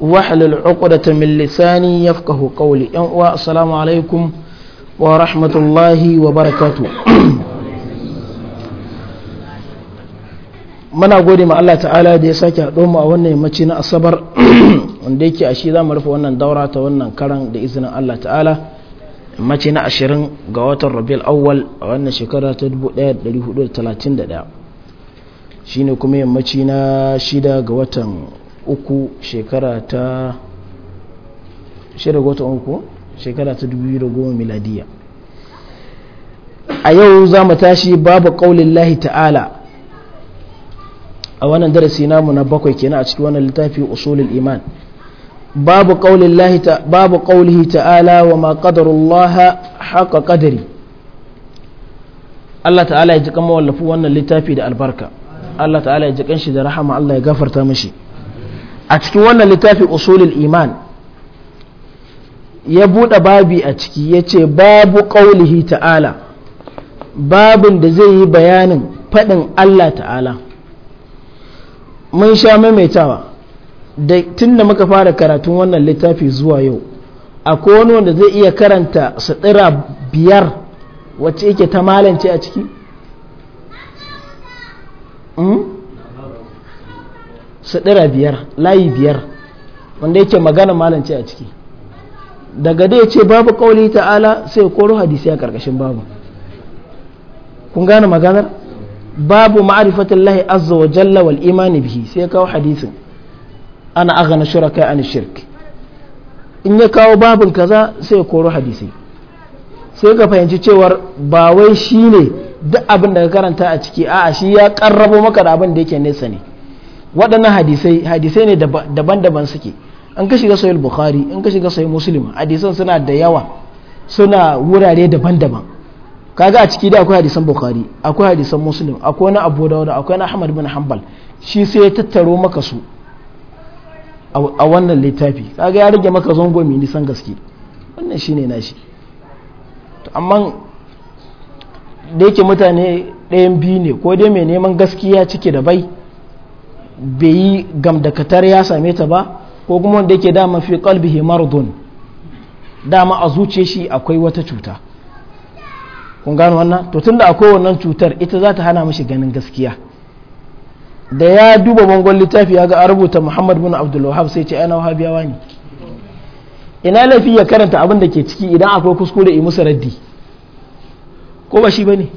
wahlul uqdata min lisani yafqahu qawli yan uwa assalamu alaikum wa rahmatullahi wa muna gode ma Allah ta'ala da ya sake haɗo mu a wannan yammaci na asabar wanda yake a shi za mu rufe wannan daura ta wannan karan da izinin Allah ta'ala yammaci na ashirin ga watan rabiul awwal a wannan shekara ta 1431 shine kuma yammaci na shida ga watan uku shekara ta shida watan uku shekara ta 2010 miladiya a yau za mu tashi babu ƙaunin lahi ta'ala a wannan darasi namu na bakwai kenan a cikin wannan littafi usulul iman babu ƙaunin lahi ta babu ƙaunihi ta'ala wa ma qadarullah haqa qadari Allah ta'ala ya ji kama wallafu wannan littafi da albarka Allah ta'ala ya ji kanshi da rahama Allah ya gafarta mishi a cikin wannan littafi usulul iman ya buɗe babi a ciki ya ce babu ƙaulihi ta'ala babin da zai yi bayanin faɗin Allah ta'ala mun sha maimaitawa da tun da muka fara karatun wannan littafi zuwa yau akwai wani wanda zai iya karanta tsira biyar wacce yake ta malance a ciki? Hmm? su biyar layi biyar wanda yake magana malance a ciki daga dai ce babu kauli ta'ala sai ya koro hadisi a ƙarƙashin babu kun gane maganar babu ma'arifatin lahi azza wa jalla wal imani bihi sai ya kawo hadisin ana agana kai an shirk in ya kawo babin kaza sai ya koro hadisi sai ka fahimci cewar ba wai shi ne duk abin da ka karanta a ciki a'a shi ya karrabo maka da abin da yake nesa ne waɗannan hadisai hadisai ne daban-daban suke an ka shiga sahih bukhari in ka shiga sahih muslim hadisan suna da yawa suna wurare daban-daban kaga a ciki da akwai hadisan bukhari akwai hadisan muslim akwai na abu dawud akwai na ahmad bin hanbal shi sai ya tattaro maka su a wannan littafi kaga ya rage maka zango mai nisan gaske wannan shine nashi amma da yake mutane ɗayan biyu ne ko dai mai neman gaskiya cike da bai bai yi gamdakatar ya same ta ba ko kuma wanda yake dama fi qalbihi maradun dama a zuce shi akwai wata cuta kun gano wannan to tunda akwai wannan cutar ita za ta hana mashi ganin gaskiya da ya duba bangon littafi ya ga a rubuta Muhammad bin Abdul sai ce ana na wahabiyawa ne ina lafi ya karanta abin da ke ciki idan akwai kuskure i musu raddi ko ba shi ne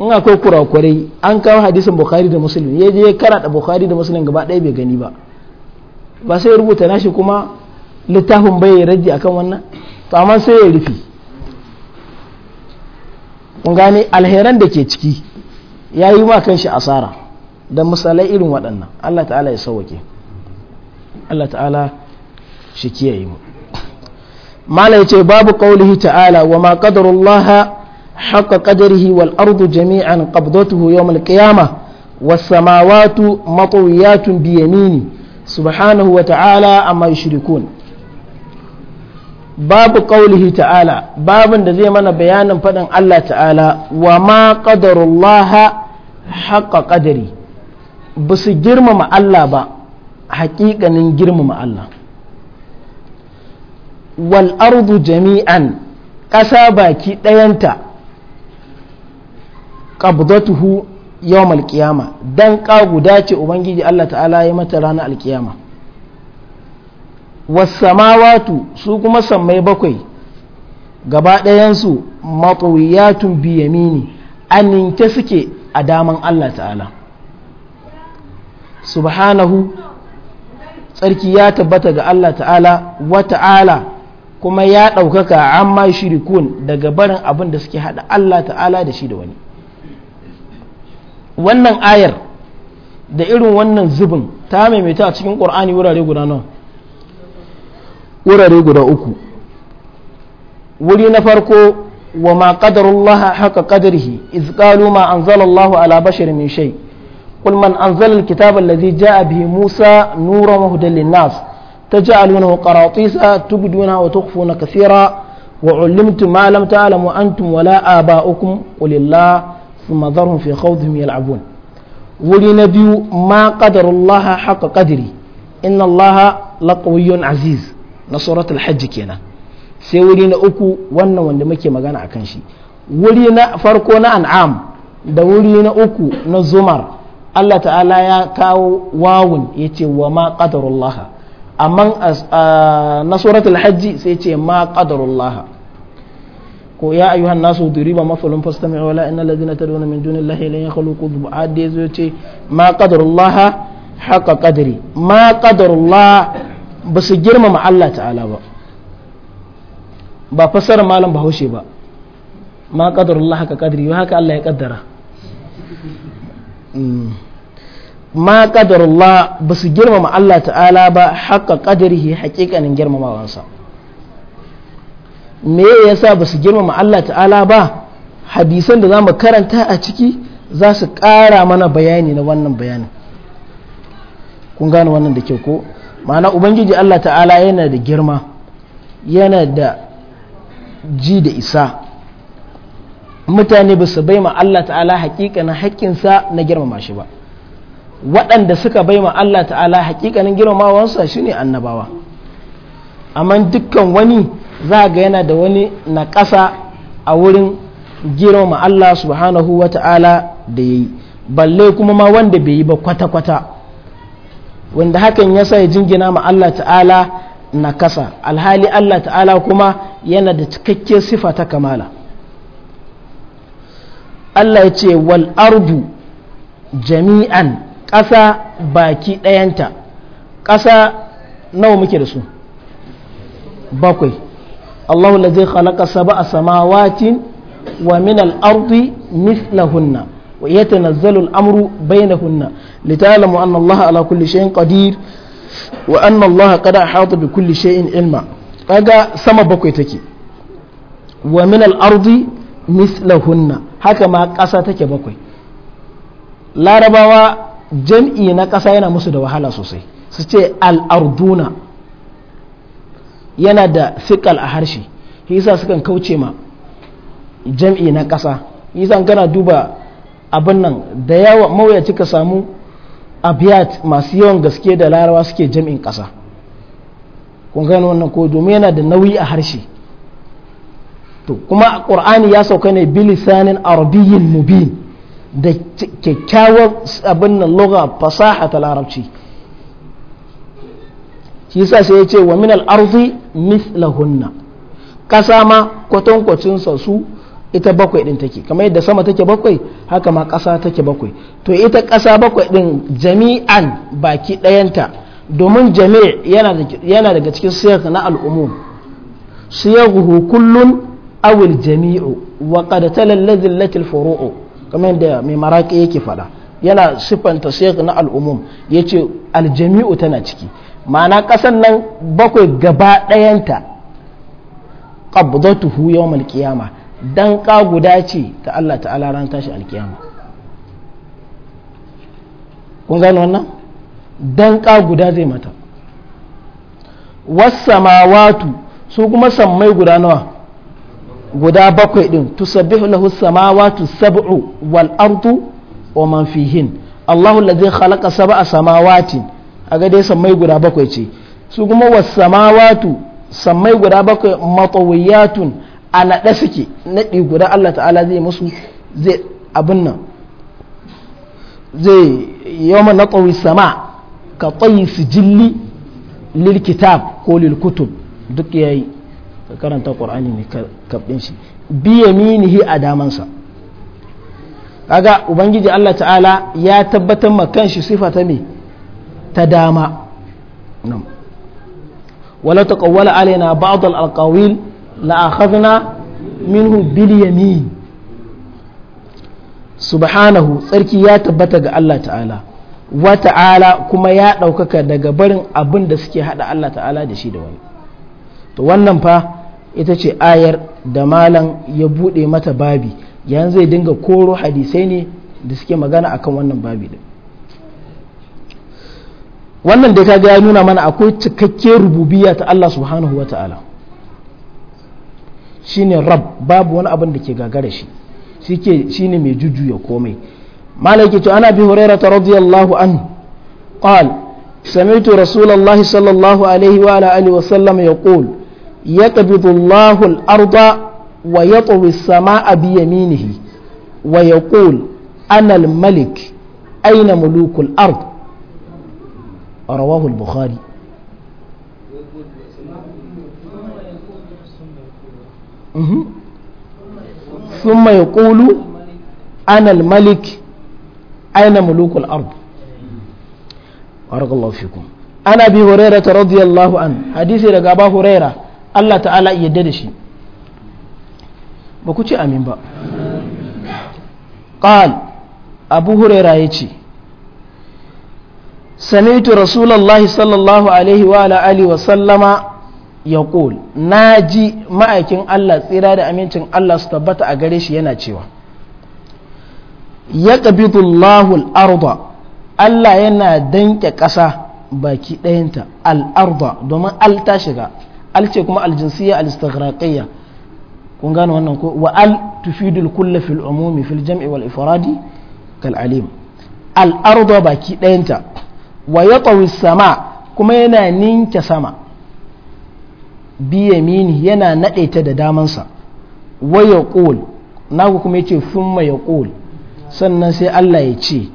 in akwai kurakurai an kawo hadisin bukhari da muslim ya je ya da bukhari da muslim gaba ɗaya bai gani ba ba sai ya rubuta nashi kuma littafin bai rage akan wannan to amma sai ya rufe kun gane alheran da ke ciki ya yi ma kanshi asara da misalai irin waɗannan Allah ta'ala ya sauwake Allah ta'ala shi kiyaye mu mala yace babu qaulihi ta'ala wa ma qadarullaha حق قدره والأرض جميعا قبضته يوم القيامة والسماوات مطويات بيمينه سبحانه وتعالى أما يشركون باب قوله تعالى باب الذي من بيانا فدن الله تعالى وما قدر الله حق قدري بس جرم مع الله با حقيقة جرم مع الله والأرض جميعا ƙasa baki ɗayanta qabdatuhu yawm alqiyama dan ka guda ce ubangiji Allah ta'ala ya mata ranar alkiyama wasamawatu su kuma sammai bakwai gaba ɗayan ɗayansu matsawiyatun biyamini aninke suke a daman Allah ta'ala subhanahu tsarki ya tabbata ga Allah ta'ala wa ta'ala kuma ya ɗaukaka amma shirikun daga barin abin da suke haɗa Allah ta'ala da shi da wani wannan ayar da irin wannan zubin ta maimaita a cikin ƙur'ani wurare guda nan wurare guda uku wuri na farko wa ma qadarullah haka qadarihi iz qalu ma anzalallahu ala bashar min shay qul man anzala alkitaba alladhi jaa bihi musa nuran wa hudan linnas taj'alunahu qaratisa tubduna wa tukhfuna kathira wa 'allamtum ma lam ta'lamu antum wala aba'ukum qulillah ثم ذرهم في خوضهم يلعبون ولي نبي ما قدر الله حق قدري إن الله لقوي عزيز نصرة الحج كينا sai wuri na uku wannan wanda muke magana a kan shi wuri na farko na an'am da wuri na uku na zumar Allah ta'ala ya kawo wawun ya ce wa ma qadarullaha amma na suratul hajji sai ce ma qadarullaha ko ya ayyuhan nasu duriba mafalun fastami'u wala innal ladina tad'una min dunillahi lan yakhluqu dhub'a da yazo ce ma qadarullah haqa qadri ma qadarullah ba su girmama Allah ta'ala ba ba fasar malam bahaushe ba ma qadarullah haqa qadri wa haka Allah ya kaddara mm. ma qadarullah ba su girmama Allah ta'ala ba haqa qadrihi haƙiƙanin girmamawansa me yasa ba su girmama Allah ta'ala ba hadisan da za mu karanta a ciki za su ƙara mana bayani na wannan bayanin kun gane wannan da ke ko ma'ana ubangiji Allah ta'ala yana da girma yana da ji da isa mutane ba su bai ma Allah ta'ala hakikanin haƙƙinsa na girmama shi ba waɗanda suka bai ma Allah ta'ala hakikanin girmamawansa ne annabawa amma dukkan wani za ga yana da wani na ƙasa a wurin girma Allah subhanahu wa ta'ala da ya yi balle kuma ma wanda bai yi ba kwata-kwata wanda hakan ya sa ya jingina ma Allah ta'ala na ƙasa. alhali Allah ta'ala kuma yana da cikakken sifa ta kamala Allah ya ce wal ardu jami'an ƙasa baki ɗayanta ƙasa nawa muke da su bakwai Allahu ladzi khalaqa sab'a samawatin wa min al-ardi mithlahunna wa yatanazzalu al-amru bainahunna lita'lamu anna Allah ala kulli shay'in qadir wa anna Allah a ahata bi kulle shay'in ilma kaga sama bakwai take wa min al-ardi hunna haka ma ƙasa take bakwai larabawa jam'i na ƙasa yana musu da wahala sosai su ce al'arduna yana da fiƙal a harshe yasa sukan kauce ma jam'i na ƙasa yasa kana duba abin nan da yawa mawuyaci ka samu abiyat masu yawan gaske da larawa suke jam'in ƙasa kun gano wannan ko domin yana da nauyi a harshe to kuma ƙur'ani ya sauka ne bilisanin arabiyyin mubin da kyakkyawar abin nan loga fasaha ta larabci shi yasa sai ya ce wa min al-ardi mislahunna ƙasa ma kwatankwacin sa su ita bakwai din take kamar yadda sama take bakwai haka ma ƙasa take bakwai to ita ƙasa bakwai ɗin jami'an baki ɗayanta domin jami' yana daga cikin siyar na al'umum siyaguhu kullun awil jami'u wa qad talallazil latil furu'u kamar yadda mai maraki yake faɗa yana sifanta siyar na al'umum yace al aljami'u tana ciki ma'ana ƙasan nan bakwai gaba ɗayanta qabdatuhu yawmal qiyama don ka guda ce ta Allah ta'ala ran tashi alkiyama kun gano wannan don ka guda zai mata wasamawatu su kuma sammai guda nawa guda bakwai din tusabbihu lahu samawatu sab'u wal ardu wa man fihin Allahu allazi khalaqa sab'a samawatin a ga dai sammai guda bakwai ce su kuma wasamawatu sammai guda bakwai matawiyatun a naɗe suke naɗi guda Allah ta'ala zai musu zai abin nan zai yawma natawi sama ka tsayi su lil kitab ko lil kutub duk yayi ka karanta qur'ani ne kabdin shi biya minihi a damansa kaga ubangiji Allah ta'ala ya tabbatar ma kanshi sifa ta mai ta dama wala kawwala alaina ba'd al-aqawil la akhadna minhu bil yamin subhanahu tsarki ya tabbata ga Allah ta'ala wa ta'ala kuma ya ɗaukaka daga barin abin da suke hada Allah ta'ala da shi da wani to wannan fa ita ce ayar da malam ya bude mata babi yanzu zai dinga koro hadisai ne da suke magana akan wannan babi din wannan da kaga ya nuna mana akwai cikakke rububiya ta Allah subhanahu wa ta'ala ne rab babu wani abin da ke gagara shi shike shine mai jujuya komai malaki to ana bi hurairah radiyallahu anhu qal سمعت رسول الله صلى الله عليه وعلى آله وسلم يقول يقبض الله الأرض ويطوي السماء بيمينه ويقول أنا الملك أين ملوك الأرض rawahu al-bukhari ثم يقول أنا الملك أين ملوك الأرض بارك الله فيكم أنا أبي هريرة رضي الله عنه حديثي لك أبا هريرة الله تعالى يددشي بكتش أمين با قال أبو هريرة يتشي سمعت رسول الله صلى الله عليه وعلى آله وسلم يقول ناجي ما أكين الله تيرا دا أمين تين الله استبت أغريش يناتشيوا يقبض الله الأرض الله ينا دنك كسا باكي دينتا الأرض دوما التاشغا التكما الجنسية الاستغراقية kun gano wannan ko wa al tufidul kulla fil umumi fil jam'i wal ifradi kal alim al arda baki dayanta wa yatawi sama kuma yana ninke sama biyamini mini yana naɗe ta da damansa wa na naku kuma yace ya yaqul sannan sai Allah ya ce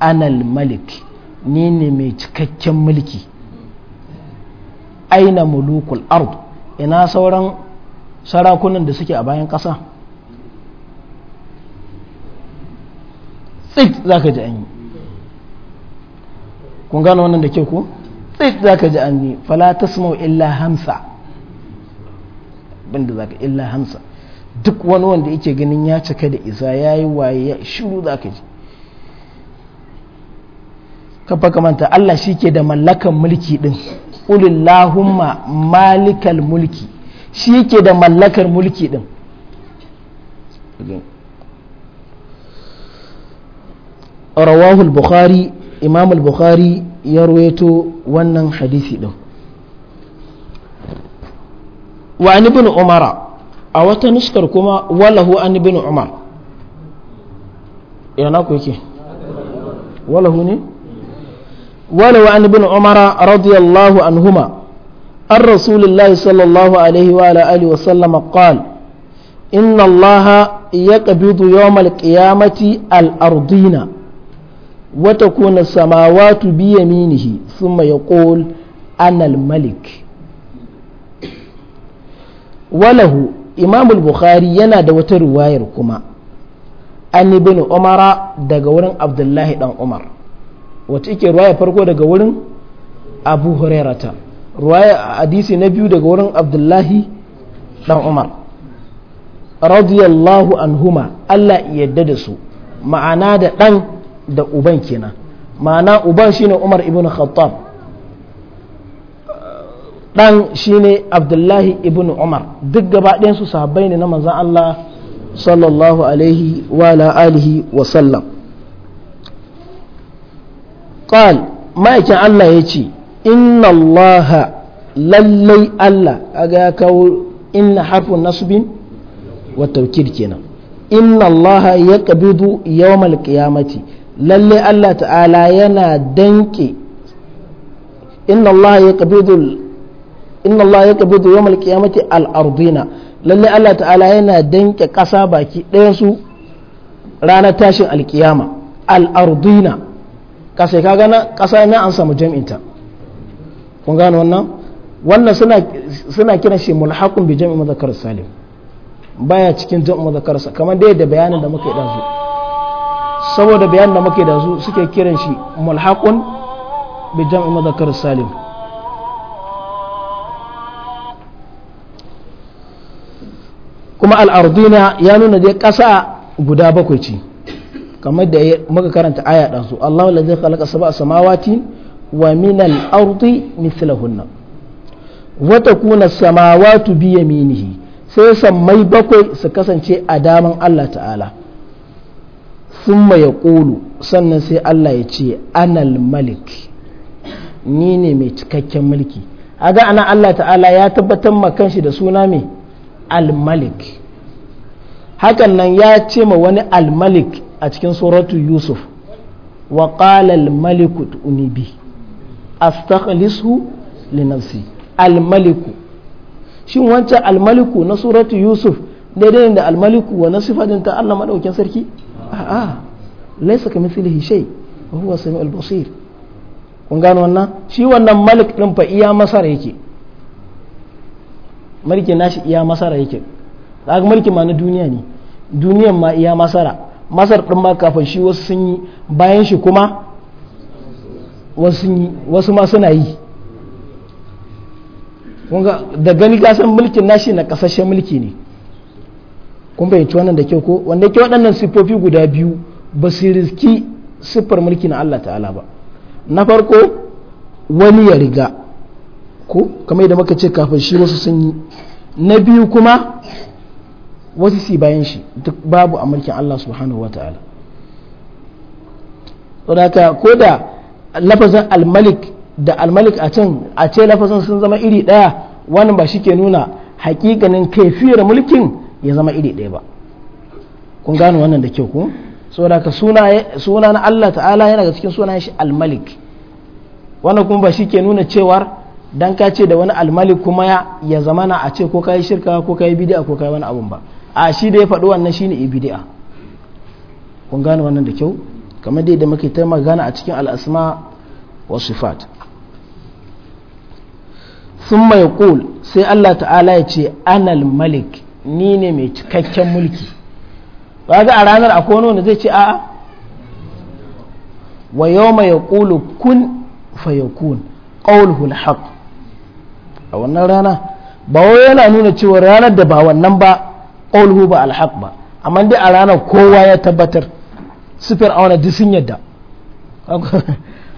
anal malik ni ne mai cikakken mulki aina mulukul ard ina sauran sarakunan da suke a bayan ƙasa tsik za ka ji an yi kun gano wannan da ke ku tsit za ka ji an yi fala ta illa hamsa abinda za ka illa hamsa duk wani wanda yake ganin ya cika da isa ya yi waye ya shiru za ka ji kafa kamanta Allah shi ke da mallakan mulki ɗin ulillahumma malikal mulki shi ke da mallakar mulki ɗin rawahul bukhari imam al-bukhari ya ruwaito wannan hadisi din wa an ibn umara a wata nuskar kuma walahu an ibn umar yana ku yake walahu ne walahu an ibn umara radiyallahu anhuma an sallallahu alaihi wa alihi wa sallama qala inna allaha yaqbidu yawm al-qiyamati al-ardina ma ya بيمينه anal يقول walahu imamul وله yana da wata وترواير kuma an bin umara daga wurin abdullahi dan umar wata ike ruwaya farko daga wurin abu hurairata ruwaya hadisi na biyu daga wurin abdullahi dan umar radiyallahu anhuma allah yadda da su ma'ana da dan da uban kenan ma'ana uban shine umar ibn khattab dan shine abdullahi ibn umar duk gaba su sahabbai ne na manzan allah sallallahu alaihi wa ala alihi wa sallam qal ma'aikin allah ya ce inna allah lallai allah aga ya kawo inna harfun nasbin wa tawkid kenan inna ya yaqbidu yawmal qiyamati lalle Allah ta'ala yana danke inna Allah ya qabidul inna Allah ya qabidu yawm al-qiyamati al-ardina lalle Allah ta'ala yana danke ƙasa baki ɗaya su ranar tashin alkiyama al-ardina ƙasa ka gana ƙasa na an samu jam'inta kun gano wannan wannan suna suna kiran shi mulhaqun bi jam'i mazakar salim baya cikin jam'in mudhakkar kamar da bayanin da muka yi dazu saboda bayan da muke da su suke kiran shi mulhaqun bi jam'i mudhakkar salim kuma al'aduna ya nuna dai kasa guda bakwai ce kamar da muka karanta aya da su Allahu ladzi khalaqa sab'a samawati wa min al-ardi mithlahunna wa takuna samawati bi yaminihi sai sammai bakwai su kasance a daman Allah ta'ala thumma ya sannan sai Allah ya ce anal malik ni ne mai cikakken mulki aga ana Allah ta'ala ya tabbatar ma kanshi da suna mai al-malik hakan nan ya ce ma wani al-malik a cikin suratu yusuf wa qala al-maliku bi astakhlisu li nafsi al-maliku shin wancan al-maliku na suratu yusuf daidai da al-maliku wa na ta Allah madaukin sarki a'a laysa kamithlihi shay wa huwa samiul basir kun gano wannan shi wannan malik din fa iya masara yake na nashi iya masara yake daga mulkin ma na duniya ne duniyan ma iya masara masar din ma kafin shi wasu sun yi bayan shi kuma wasu wasu ma suna yi da gani gasan mulkin nashi na kasashen mulki ne kun bayyanci wannan da kyau ko wanda ke waɗannan siffofi guda biyu ba su riski siffar mulki na Allah ta'ala ba na farko wani ya riga ko kamar yadda muka ce kafin shi wasu sun yi na biyu kuma wasu si bayan shi duk babu a mulkin Allah subhanahu wa ta'ala saboda ko da lafazin almalik da almalik a can a ce lafazin sun zama iri ɗaya wannan ba shi ke nuna hakikanin kaifiyar mulkin ya zama iri ɗaya ba kun gano wannan da kyau ko saboda ka suna na Allah ta'ala yana ga cikin sunayen shi al-malik wannan kuma ba shi ke nuna cewar dan ka ce da wani al-malik kuma ya zamana a ce ko kai shirka ko kai bid'a ko kai wani abun ba a shi da ya faɗo wannan shine ibid'a kun gano wannan da kyau kamar dai da muke ta magana a cikin al-asma wa sifat thumma yaqul sai Allah ta'ala ya ce anal malik ni ne mai cikakken mulki ba ga a ranar a wani wanda zai ce a'a wa yau mai ya ƙulu kun kun ƙaulhul haq a wannan rana ba wai yana nuna cewa ranar da ba wannan ba ƙaulhu ba alhaq ba amma dai a ranar kowa ya tabbatar su fir'auna duk sun yadda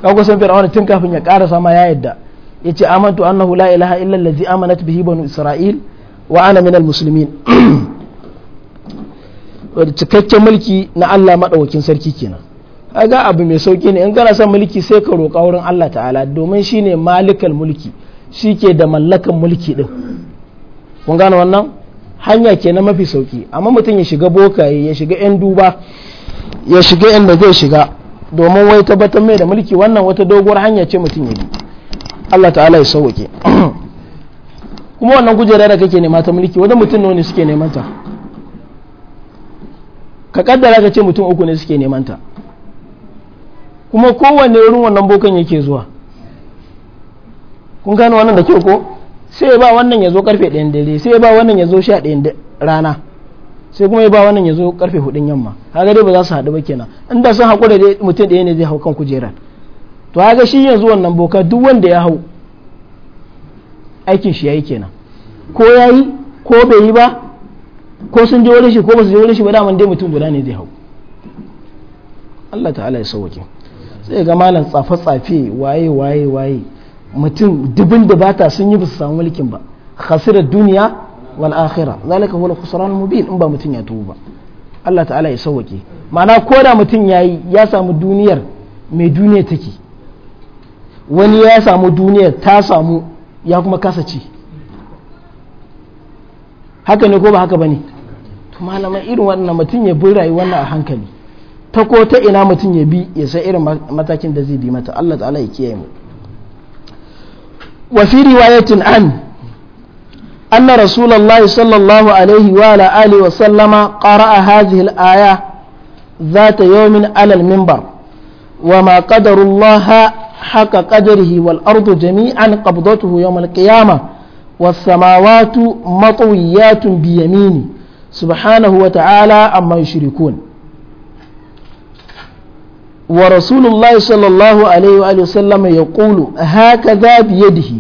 kago sun fir'auna tun kafin ya ƙarasa sama ya yadda ya ce amantu annahu la ilaha illallah allazi amanat bihi banu isra'il wa ana minal muslimin cikakken mulki na Allah maɗaukin sarki kenan ga abu mai sauki ne in kana son mulki sai ka roƙa wurin Allah ta'ala domin shine malikal mulki shi ke da mallakan mulki ɗin kun gane wannan hanya ke na mafi sauki amma mutum ya shiga bokaye ya shiga 'yan duba ya shiga inda zai shiga domin wai tabbatar mai da mulki wannan wata doguwar hanya ce mutum ya bi Allah ta'ala ya sauke kuma wannan kujerar da kake nema ta mulki wani mutum ne suke neman ta ka kaddara ka ce mutum uku ne suke neman ta kuma kowane wurin wannan bokan yake zuwa kun gano wannan da kyau ko sai ya ba wannan ya zo karfe ɗayan dare sai ya ba wannan ya zo sha ɗayan rana sai kuma ya ba wannan ya zo karfe hudun yamma haka dai ba za su haɗu ba kenan inda sun haƙura da mutum ɗaya ne zai hau kan kujerar to haka shi yanzu wannan boka duk wanda ya hau aikin shi yayi kenan ko yayi ko bai yi ba ko sun je wurin shi ko ba su je wurin shi ba daman dai mutum guda ne zai hau Allah ta'ala ya sauke sai ga malam tsafa tsafe waye waye waye mutum dubin da bata sun yi ba su samu mulkin ba khasirar duniya wal akhira zalika huwa khusran mubin in ba mutum ya tuba Allah ta'ala ya sauke ma'ana ko da mutum yayi ya samu duniyar mai duniya take wani ya samu duniyar ta samu ya kuma kasa ci haka ne ko ba haka ba ne to malama irin wannan mutum ya bi rayuwar a hankali ta ko ta ina mutum ya bi ya san irin matakin da zai bi mata Allah ta'ala ya kiyaye mu wa fi riwayatin an anna rasulullah sallallahu alaihi wa ala alihi wa sallama qara'a hadhihi al-aya ذات يوم على المنبر وما قدر الله حق قدره والأرض جميعا قبضته يوم القيامة والسماوات مطويات بيمينه سبحانه وتعالى عما يشركون ورسول الله صلى الله عليه وآله وسلم يقول هكذا بيده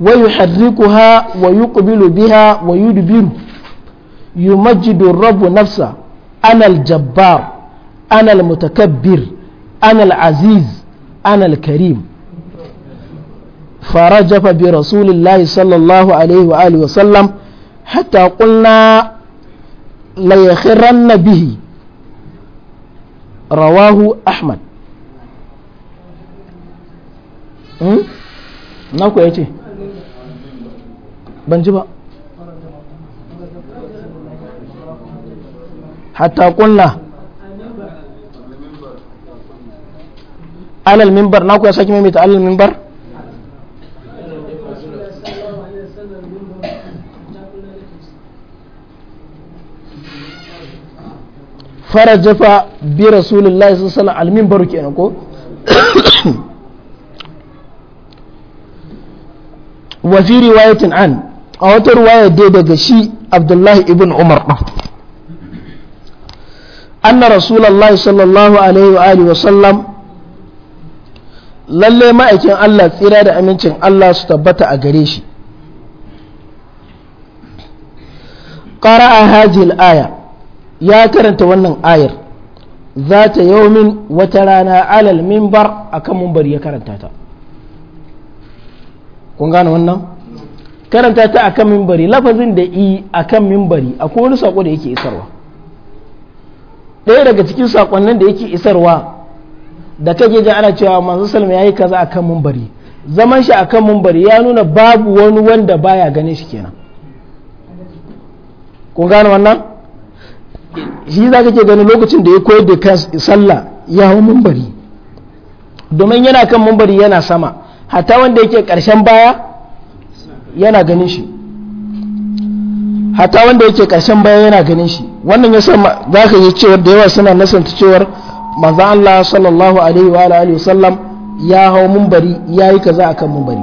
ويحركها ويقبل بها ويدبر يمجد الرب نفسه أنا الجبار أنا المتكبر أنا العزيز ana al-karim فرجف برسول الله صلى الله عليه وآله وسلم حتى قلنا ليخرن به رواه أحمد ناكو يتي بنجبا حتى قلنا alal mimbar naku ya saki maimaita alal mimbar fara jafa bi rasulullahi sallallahu alaihi mimbaru kenan ko wa fi riwayatin an a wata riwaya dai daga shi abdullahi ibn umar anna rasulullahi sallallahu alaihi wa alihi wa sallam lalle ma'aikin Allah tsira da amincin Allah su tabbata a gare shi qara'a hadhihi al-aya ya karanta wannan ayar zata yawmin wata rana alal minbar akan minbar ya karanta ta kun gane wannan karanta ta akan minbari lafazin da i akan minbari akwai wani sako da yake isarwa ɗaya daga cikin sakonnin da yake isarwa da kake ji ana cewa manzo salma yayi kaza akan mumbari zaman shi akan mumbari ya nuna babu wani wanda baya gane shi kenan kun gane wannan shi za ka ke gani lokacin da ya koyar da kan sallah ya hau mumbari domin yana kan mumbari yana sama hatta wanda yake karshen baya yana ganin shi hatta wanda yake karshen baya yana ganin shi wannan ya sama za ka yi cewar da yawa suna nasanta cewar Maza Allah sallallahu alaihi wa alihi wasallam ya hau mun bari ya yi kaza a kan mun bari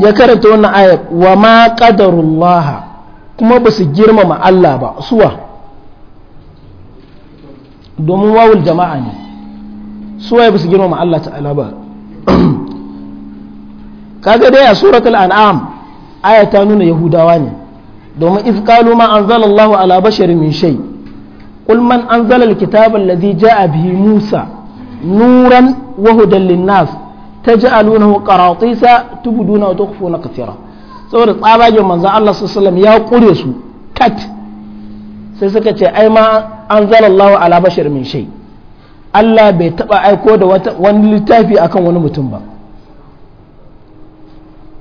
ya karanta wannan ayat wa ma qadarullaha kuma ba su girmama Allah ba suwa domin wawul jama'a ne suwa ba su girmama Allah ta'ala ba kaga dai a suratul an'am aya ta nuna yahudawa ne domin if qalu ma anzalallahu ala basharin min shay' قل من أنزل الكتاب الذي جاء به موسى نورا وهدى للناس تجعلونه قراطيس تبدون وتخفون كثيرا saboda tsabagen manzan Allah sallam ya kure su kat sai suka ce ai ma an zalallahu ala bashar min shai Allah bai taba aiko da wani littafi akan wani mutum ba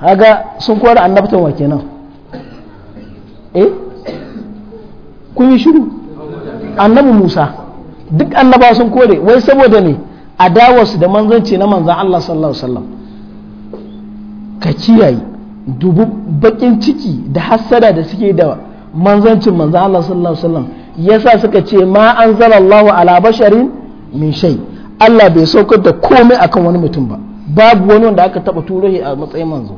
haga sun kore annabtan wa kenan eh kun yi shiru annabi Musa duk annaba sun kore wai saboda ne a adawarsu da manzanci na manzan Allah sallallahu alaihi wasallam ka kiyaye dubu bakin ciki da hassada da suke da manzancin manzan Allah sallallahu alaihi wasallam yasa suka ce ma an Allah ala basharin min shai Allah bai saukar da komai akan wani mutum ba babu wani wanda aka taba turo a matsayin manzo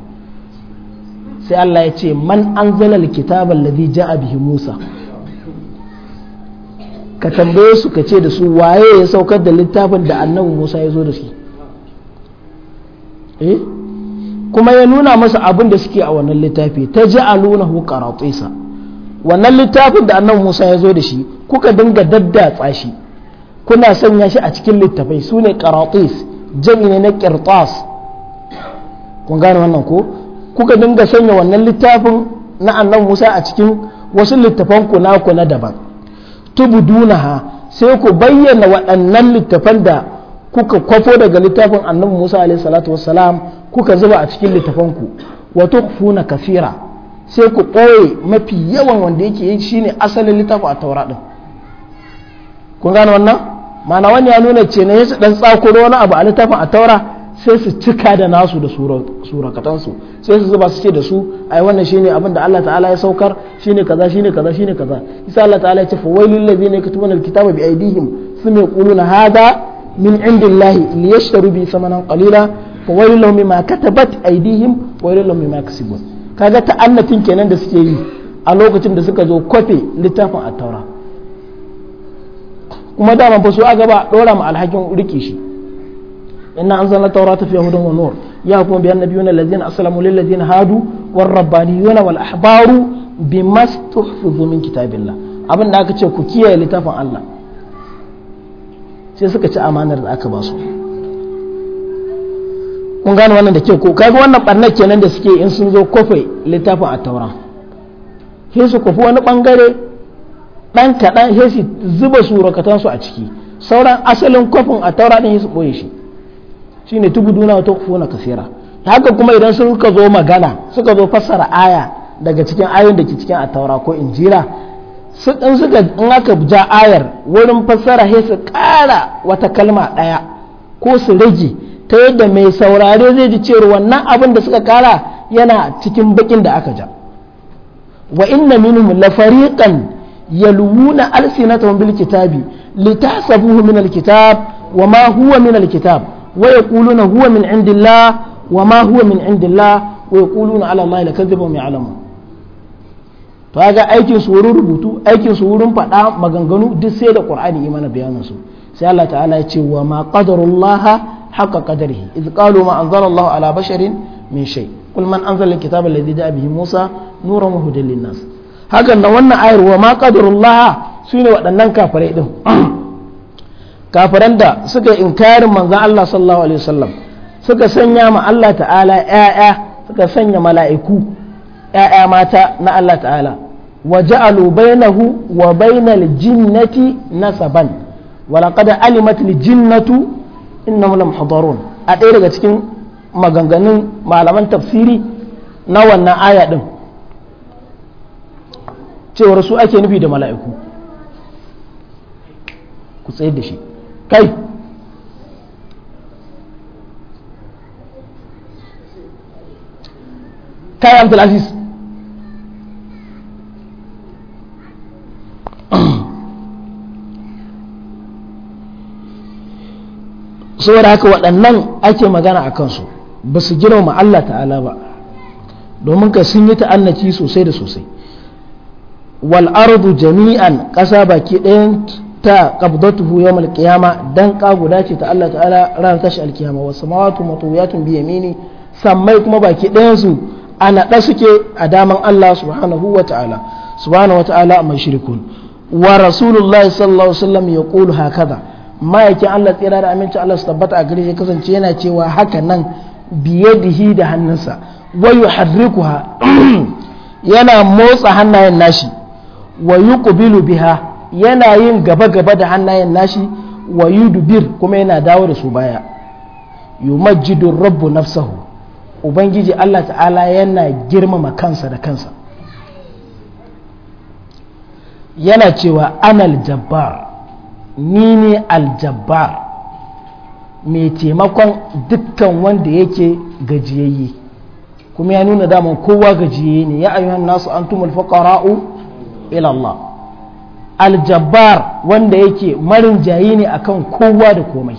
sai Allah ya ce man an anzala alkitaba ja ja'a bihi Musa ka tambaye su ka ce da su waye ya saukar da littafin da annabi Musa ya zo da shi eh kuma ya nuna masa abin da suke a wannan littafi ta ja'alunahu qaratisa wannan littafin da annabi Musa ya zo da shi kuka dinga daddatsa shi kuna sanya shi a cikin littafai su ne qaratis jami ne na qirtas kun gane wannan ko kuka dinga sanya wannan littafin na annabi Musa a cikin wasu littafan ku na daban tubdunaha sai ku bayyana waɗannan littafan da kuka kwafo daga littafin annabi Musa alaihi salatu wassalam kuka zuba a cikin littafan ku wa tukhfuna kafira sai ku ɓoye mafi yawan wanda yake yi shine asalin littafin a taura din kun gane wannan mana wani ya nuna ce ne ya dan tsakuro wani abu a littafin a taura sai su cika da nasu da surakatansu sai su zuba su ce da su ai wannan shine abin da Allah ta'ala ya saukar shine kaza shine kaza shine kaza isa Allah ta'ala ya ce fa wailul ladzina yaktubuna alkitaba bi aydihim thumma yaquluna hadha min indillahi liyashtaru bi thamanan qalila fa wailul lahum mimma katabat aydihim wa wailul lahum mimma kasibun kaga ta'annatin kenan da suke yi a lokacin da suka zo kwafe littafin at-taura kuma dama fa su a gaba dora mu alhakin rike shi inna anzalna التوراة في هدى ونور يا قوم bi النبيون الذين aslamu للذين هادوا hadu war بما استحفظوا من كتاب الله min abin da aka ce ku kiyaye littafin Allah sai suka ci amanar da aka basu kun gane wannan da kyau ko kaga wannan barnar kenan da suke in sun zo kofe littafin at-taura sai su kofi wani bangare dan kadan sai su zuba surakatansu a ciki sauran asalin kofin a taura din su boye shi Shi shine tubuduna wa kasira kaseera haka kuma idan suka zo magana suka zo fassara aya daga cikin ayoyin da ke cikin attaura ko injira, in suka in aka ja ayar wurin fassara sai su ƙara wata kalma ɗaya ko su rage ta yadda mai saurare zai ji cewa wannan abin da suka ƙara yana cikin bakin da aka ja wa inna minhum la fariqan yalwuna alsinatahum bil kitabi litahsabuhu min alkitab kitab wa ma huwa min alkitab kitab ويقولون هو huwa min الله وما ma huwa min الله ويقولون على ala allahi la kadhiba to ga aikin su wurin rubutu aikin su wurin faɗa maganganu duk sai da qur'ani imana bayanin su sai Allah ta'ala ya ce wa ma qadarullah haqa qadarihi iz qalu ma anzalallahu ala basharin min shay kul man anzala alkitaba alladhi ja'a bihi musa nuran wa hudan linnas hakan da wannan ayar wa ma qadarullah sune waɗannan kafirai din kafiran da suka inkarin manzan Allah sallallahu alaihi wasallam suka sanya ma Allah ta'ala ƴaƴa suka sanya mala'iku ƴaƴa mata na Allah ta'ala wa ja'alu bainahu wa bainal jinnati nasaban wa laqad alimat al jinnatu innahum hadarun a ɗaya daga cikin maganganun malaman tafsiri na wannan aya ɗin cewar su ake nufi da mala'iku ku tsayar da shi kai kai abdulaziz saboda haka waɗannan ake magana a kansu ba su girma Allah ta'ala ba domin ka sun yi ta'annaci sosai da sosai wal ardu jami'an ƙasa baki ɗayan ta qabdatuhu yawm al-qiyama dan ka guda ce ta Allah ta'ala ran tashi al-qiyama was samawati matwiyatun bi yamini sammai kuma baki ɗayan su a naɗa suke a daman Allah subhanahu wa ta'ala subhanahu wa ta'ala amma shirkun wa rasulullahi sallallahu alaihi wasallam yaqulu hakaza ma'aikin Allah tsira da aminci Allah su tabbata a gare shi kasance yana cewa haka nan biyadihi da hannunsa wa yuharrikuha yana motsa hannayen nashi wa yuqbilu biha yana yin gaba-gaba da hannayen nashi wa yudubir kuma yana dawo da su baya majidun rabbu nafsahu ubangiji Allah ta'ala yana girmama kansa da kansa yana cewa an aljabbar ni ne aljabbar mai taimakon dukkan wanda yake gajiyayye kuma ya nuna daman kowa gajiyayye ne ya ayyuhan nasu antumul faqara'u ila Allah aljabbar wanda yake marin jayi ne akan kowa da komai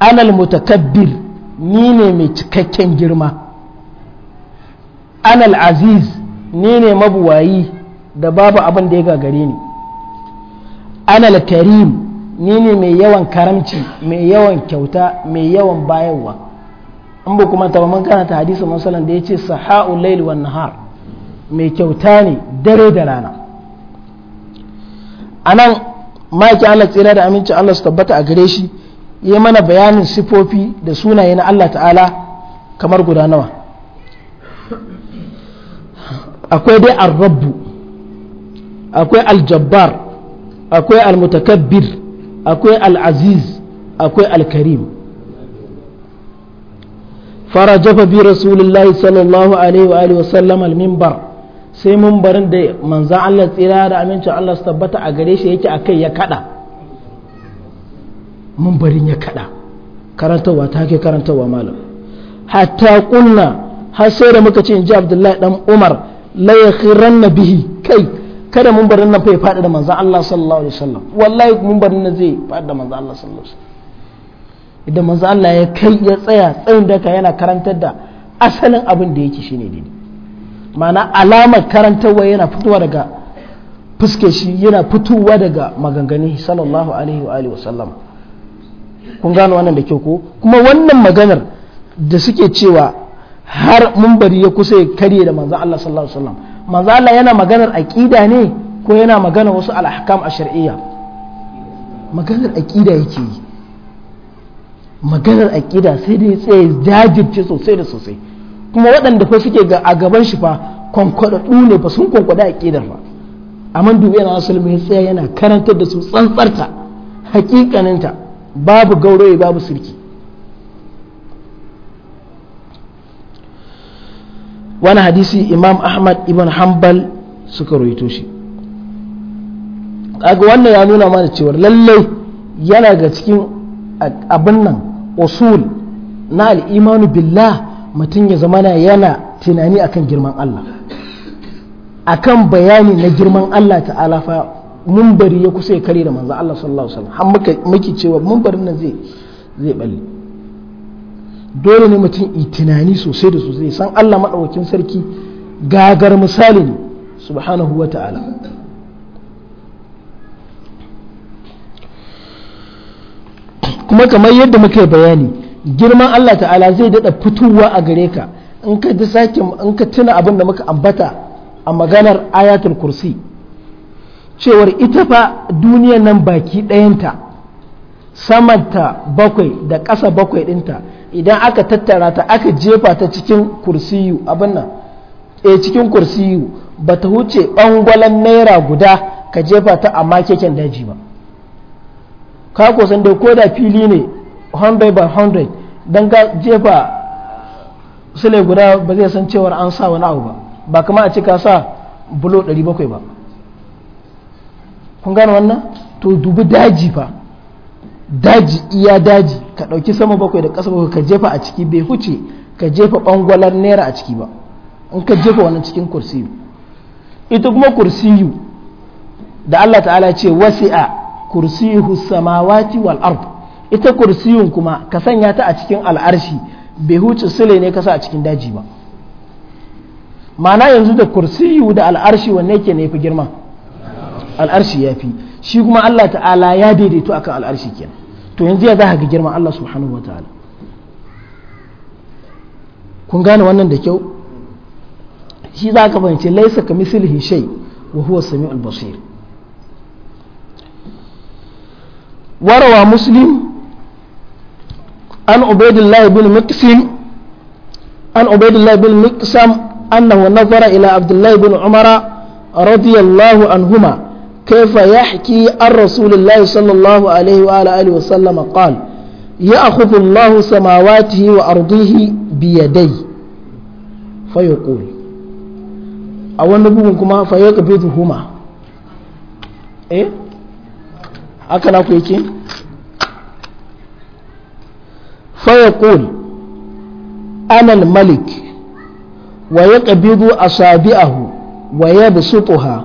anal mutakabbir ni ne mai cikakken girma anal aziz ni ne mabuwayi da babu abin da ya gagare ni anal karim ni ne mai yawan karamci mai yawan kyauta mai yawan bayarwa an ba kuma taba mun karanta hadisin da ya ce saha'u lailu wan nahar mai kyauta ne dare da rana a nan maki Allah tsira da amincin Allah su tabbata a gare shi ya mana bayanin sifofi da sunaye na Allah ta'ala kamar guda nawa akwai dai al-rabbu akwai aljabbar akwai al akwai al-aziz akwai alkarim karim farajafa bi rasulullahi sallallahu alaihi wa alihi wa sallam al-minbar sai mun barin da manza Allah tsira da amincin Allah su tabbata a gare shi yake a kai ya kada mun barin ya kada karantarwa ta ke karantarwa malam hatta kunna har sai da muka ce in ji abdullahi dan umar la na bihi kai kada mun barin nan fa ya fada da manza Allah sallallahu alaihi wasallam wallahi mun barin nan zai faɗi da manza Allah sallallahu alaihi wasallam idan manzan Allah ya kai ya tsaya tsayin daka yana karantar da asalin abin da yake shine daidai ma'ana alamar karantarwa yana fitowa daga fuske shi yana fitowa daga maganganu sallallahu alaihi wa alihi wasallam kun gano wannan da kyau ko kuma wannan maganar da suke cewa har mun bari ya kusa ya karye da manzo Allah sallallahu alaihi wasallam manzo Allah yana maganar aqida ne ko yana maganar wasu al-ahkam ash-shar'iyya maganar aqida yake yi maganar aqida sai dai tsaye jajirce sosai da sosai kuma waɗanda fa suke a gaban shi fa kwankwaɗaɗɗu ne ba sun kwankwada a ƙidar ba amma dubi yana asali mai tsaya yana karantar da su tsantsarta hakikaninta babu gauraye babu sirki wani hadisi imam ahmad ibn hanbal suka roito shi kaga wannan ya nuna mana cewa lallai yana ga cikin abin nan usul na al'imanu billah mutum ya zama na yana tunani akan girman Allah akan bayani na girman Allah ta'ala fa mumbari ya kusa ya kare da manzo Allah sallallahu alaihi wasallam har muke cewa mumbarin nan zai zai balle dole ne mutum yi tunani sosai da sosai san Allah madaukakin sarki gagar misali ne subhanahu wa ta'ala kuma kamar yadda muka bayani girman Allah ta'ala zai dada fitowa a gare ka in ka ji sake in ka tuna abin da muka ambata a maganar ayatul kursi cewar ita fa duniyar nan baki ɗayanta samanta bakwai da ƙasa bakwai ɗinta idan aka tattara ta aka jefa ta cikin kursiyu abin nan e cikin kursiyu ba ta huce ɓangwalen naira guda ka jefa ta a makeken daji ba ka kusan da ko da fili ne 100 by 100 don ka jefa sule guda ba zai san cewar an sa wani abu ba ba kama a ce sa bulo 700 ba kun gane wannan to dubi daji fa daji iya daji ka ɗauki sama bakwai da ƙasa bakwai ka jefa a ciki bai huce ka jefa ɓangwalar naira a ciki ba in ka jefa wannan cikin kursiyu ita kuma kursiyu da Allah ta'ala ce wasi'a kursiyuhu samawati wal ard ita kursiyun kuma ka sanya ta a cikin al'arshi bai huce sule ne sa a cikin daji ba ma'ana yanzu da kursiyu da al'arshi wanne ke ne fi girma al'arshi ya fi shi kuma Allah ta'ala ya daidaito akan al'arshi kenan to yanzu ya za ga girma Allah subhanahu wa ta'ala kun gane wannan da kyau shi za ka fahimci laisa ka mislihi shai wa huwa sami'ul basir warawa muslim an ubaidillah bin muqsim an ubaidillah bin muqsam annahu nazara ila abdullah bin umara radiyallahu anhuma كيف يحكي عن رسول الله صلى الله عليه وعلى آله وسلم قال يأخذ الله سماواته وأرضه بيدي فيقول أول نبوكما فيقبضهما إيه هكذا كويكي فيقول أنا الملك ويقبض أصابعه ويبسطها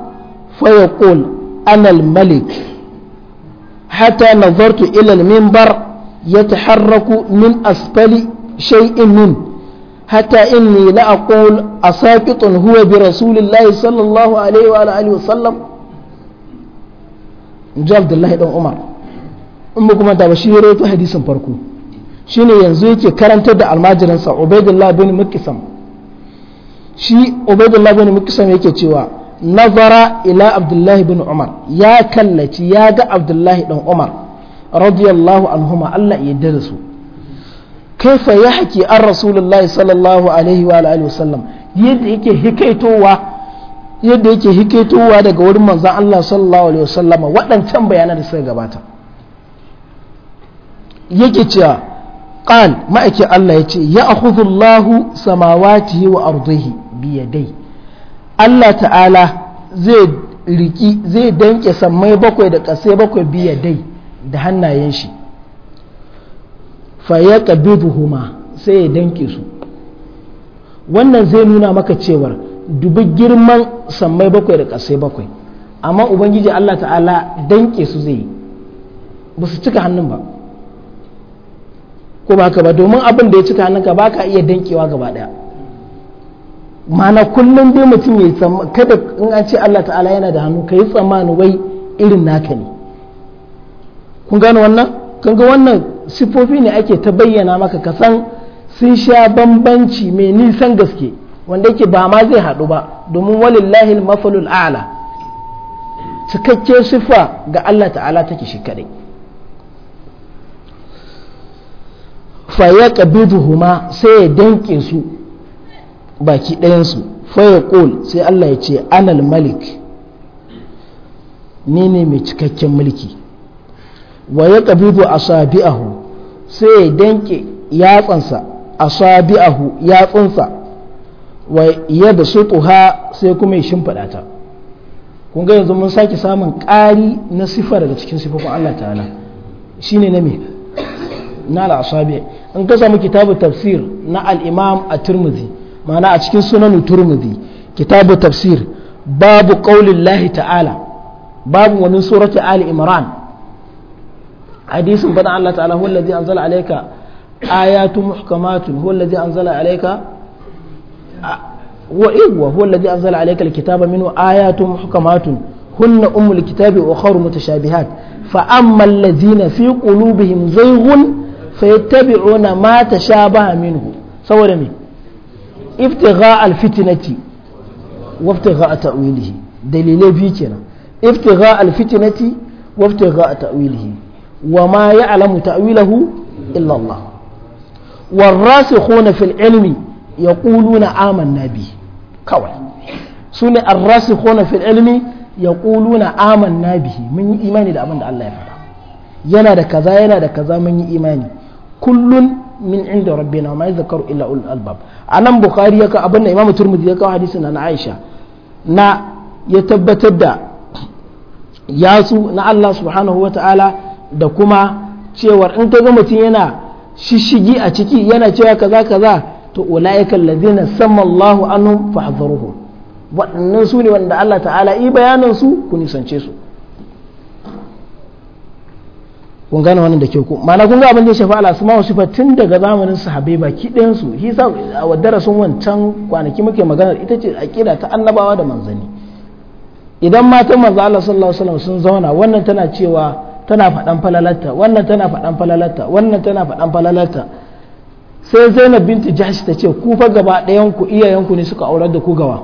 فيقول أنا الملك حتى نظرت إلى المنبر يتحرك من أسفل شيء منه حتى إني لأقول أساقط هو برسول الله صلى الله عليه وعلى آله وسلم جاب الله بن عمر أمكم أنت بشيرة حديث فرقوه shine yanzu yake karantar da almajiransa ubaidullah bin mukisam shi ubaidullah bin mukisam yake cewa nazara ila abdullahi bin umar ya kallaci ya ga abdullahi dan umar radiyallahu anhuma Allah ya yarda su kaifa ya haki an rasulullahi sallallahu alaihi wa alihi wasallam yadda yake hikaitowa yadda yake hikaitowa daga wurin manzon Allah sallallahu alaihi wasallama waɗancan bayanan da suka gabata yake cewa qal ma'aikin Allah ya ce ya akhudullahu samawatihi wa ardihi biyadai Allah ta'ala zai riki zai danke sammai bakwai da ƙasai bakwai biya dai da hannayen shi fa ya qabiduhuma sai ya danke su wannan zai nuna maka cewar dubi girman sammai bakwai da ƙasai bakwai amma ubangiji Allah ta'ala danke su zai ba su cika hannun ba ko ba ka ba domin abin da ya cika hannunka ba ka iya dankewa gaba daya mana kullum dai mutum ya tsamma kada in an ce Allah ta'ala yana da hannu ka yi tsammani wai irin naka ne kun gano wannan kun ga wannan sifofi ne ake ta bayyana maka ka san sun sha bambanci mai nisan gaske wanda yake ba ma zai haɗu ba domin walillahi mafalul a'la cikakke siffa ga Allah ta'ala take shi kadai fa ya huma sai ya danke su baki ɗayansu fa ya ƙul sai Allah ya ce anal malik ni ne mai cikakken mulki wa ya ƙabidu ahu sai ya danke yatsansa ahu yatsansa wa ya da sutuha sai kuma ya shimfaɗa ta kun ga yanzu mun sake samun ƙari na siffar da cikin sifofin Allah ta'ala shine na me na al'asabi in ka samu kitabu tafsir na alimam a turmuzi ma'ana a cikin sunan turmuzi kitabu tafsir babu qaulin lahi ta'ala babu wani surati ali imran hadisin bada Allah ta'ala huwa allazi anzala alayka ayatu muhkamatun huwa allazi anzala alayka wa iwa huwa allazi anzala alayka alkitaba minhu ayatu muhkamatun hunna ummul kitabi wa khawru mutashabihat fa amma allazina fi qulubihim zayghun fa yattabi'una ma tashabaha minhu saboda me ibtigha alfitnati wa ibtigha ta'wilihi dalilai biyu kenan ibtigha alfitnati wa ibtigha ta'wilihi wa ma والراسخون في العلم يقولون آمنا به كوي سنة الراسخون في العلم يقولون آمنا به من إيماني دا الله يفعل yana da kaza yana da kaza mun yi imani kullun min inda rabbina ma yadhkaru illa ulul albab a nan bukhari yaka abinda imam turmudi yaka hadisin na aisha na ya tabbatar da yatsu na Allah subhanahu wataala da kuma cewar in ta ga mutum yana shishigi a ciki yana cewa kaza kaza to ulaika alladhina samma Allahu anhum fahdharuhum waɗannan su wanda Allah ta'ala i bayanan su ku nisance su kun gane wannan da ke ku ma'ana kun ga abin da ya shafi al'asma wasu fa tun daga zamanin sahabbai baki ɗayan su shi sa a waddara sun wancan kwanaki muke maganar ita ce aqida ta annabawa da manzanni idan matan manzo Allah sallallahu alaihi wasallam sun zauna wannan tana cewa tana faɗan falalata wannan tana faɗan falalata wannan tana faɗan falalata sai Zainab binti Jahsh ta ce ku fa gaba ɗayan ku iyayenku ne suka aurar da ku gawa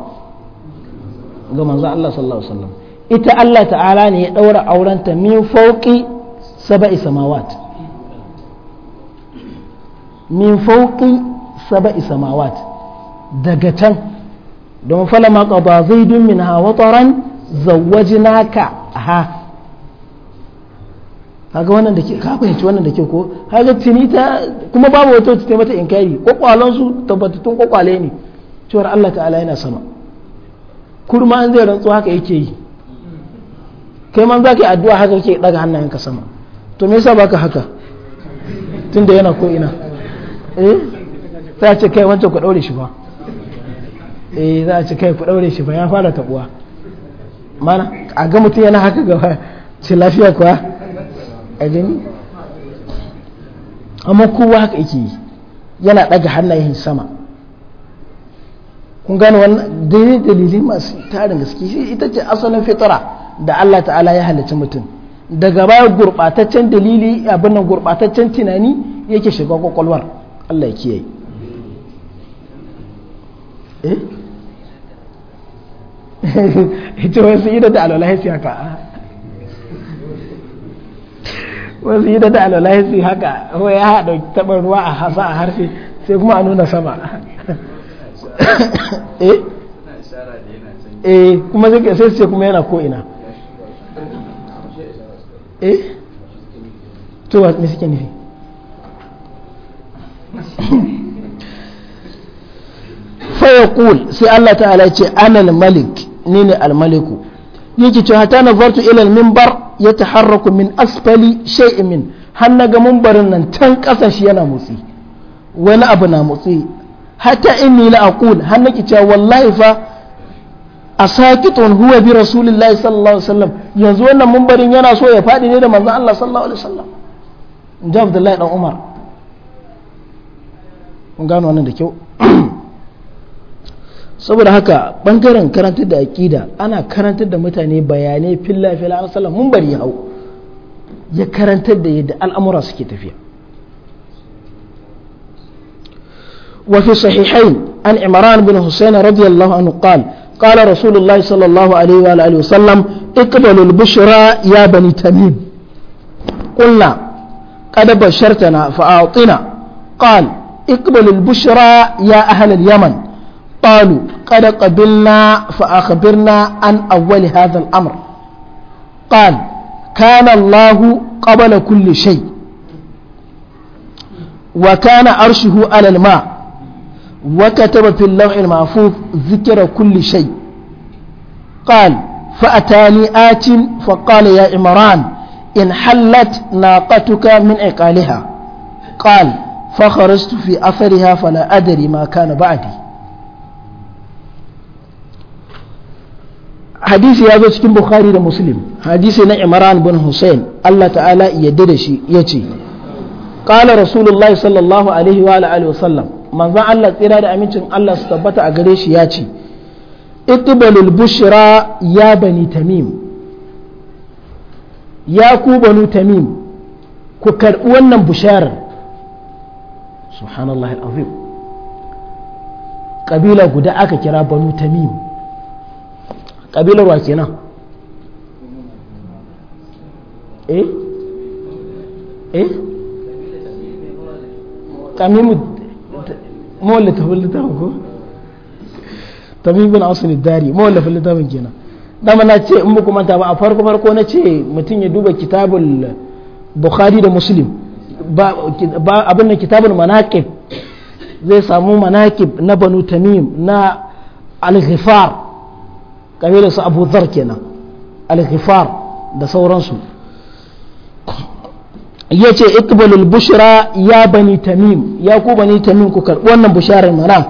ga manzo Allah sallallahu alaihi wasallam ita Allah ta'ala ne ya daura aurenta min fauki سبعي سماوات min فوق سبعي سماوات daga can don قضى زيد منها وطرا hawa ها zawwajnaka ha kaga wannan da ke ka fahimci wannan da ke ko kaga tuni ta kuma babu wata ta mata inkari kokwalon su tabbatattun kokwale ne cewar Allah ta'ala yana sama kurma an zai rantsu haka yake yi kai man zaka yi addu'a haka yake daga hannayenka sama to me yasa baka haka tunda yana ko ina eh ta ce kai wancan ku daure shi ba eh za a ce kai ku daure shi ba ya fara tabuwa mana a ga mutum yana haka ga ce lafiya kuwa a gani amma kowa haka yake yi yana daga hannayen sama kun gane wannan dalilin masu tarin gaske ita ce asalin fitara da Allah ta'ala ya halicci mutum daga baya gurbataccen dalili abin nan gurbataccen tunani yake shiga kwakwalwar Allah ya kiyaye eh ita wasu idan da alwala hasi haka wasu idan da alwala hasi haka wai ya haɗa taɓar ruwa a hasa a harshe sai kuma a nuna sama eh? eh kuma sai sai kuma yana ko'ina eh to sai Allah ta'ala ce anal malik ni ne almaliku yake ce hata na zartu ilal mimbar ya taharraku min asfali shay'in min har ga mimbarin nan can kasan shi yana motsi wani abu na motsi hata inni la aqul har ki cewa wallahi fa a sakitun huwa bi rasulillahi sallallahu alaihi wasallam yanzu wannan mumbarin yana so ya faɗi ne da manzon Allah sallallahu alaihi wasallam in ji Abdullahi dan Umar mun gano wannan da kyau saboda haka bangaren karantar da aƙida ana karantar da mutane bayanai filla filla an sallam mun bari ya hau ya karantar da yadda al'amura suke tafiya وفي صحيحين عن عمران بن حسين رضي radiyallahu anhu قال قال رسول الله صلى الله عليه وآله وسلم اقبلوا البشرى يا بني تميم قلنا قد بشرتنا فأعطنا قال اقبل البشرى يا أهل اليمن قالوا قد قبلنا فأخبرنا عن أول هذا الأمر قال كان الله قبل كل شيء وكان عرشه على الماء وكتب في اللوح المحفوظ ذكر كل شيء قال فأتاني آت فقال يا إمران إن حلت ناقتك من عقالها قال فخرجت في أثرها فلا أدري ما كان بعدي hadisi ya zo cikin bukhari da muslim hadisi na imran bin hussein allah ta'ala ya da shi ya ce ƙala rasulullahi sallallahu alaihi wa sallam manzan Allah tsira da amincin Allah su tabbata a gare shi ya ce iqbalul bushra ya bani tamim ya ku banu tamim ku karɓi wannan bushar subhanallah al'azim ƙabila guda aka kira banu tamim ƙabilar wa kenan eh eh mawallafin littafin ko tabibul asli dari mawallafin littafin kenan dama na ce in muku manta ba a farko farko na ce mutum ya duba kitabul bukhari da muslim ba abin da kitabul manaqib zai samu manaqib na banu tamim na al-ghifar kabilar su abu dhar kenan al-ghifar da sauransu ya ce ikbalul bushra ya bani tamim ya ku bani tamim ku karɓi wannan bushara mana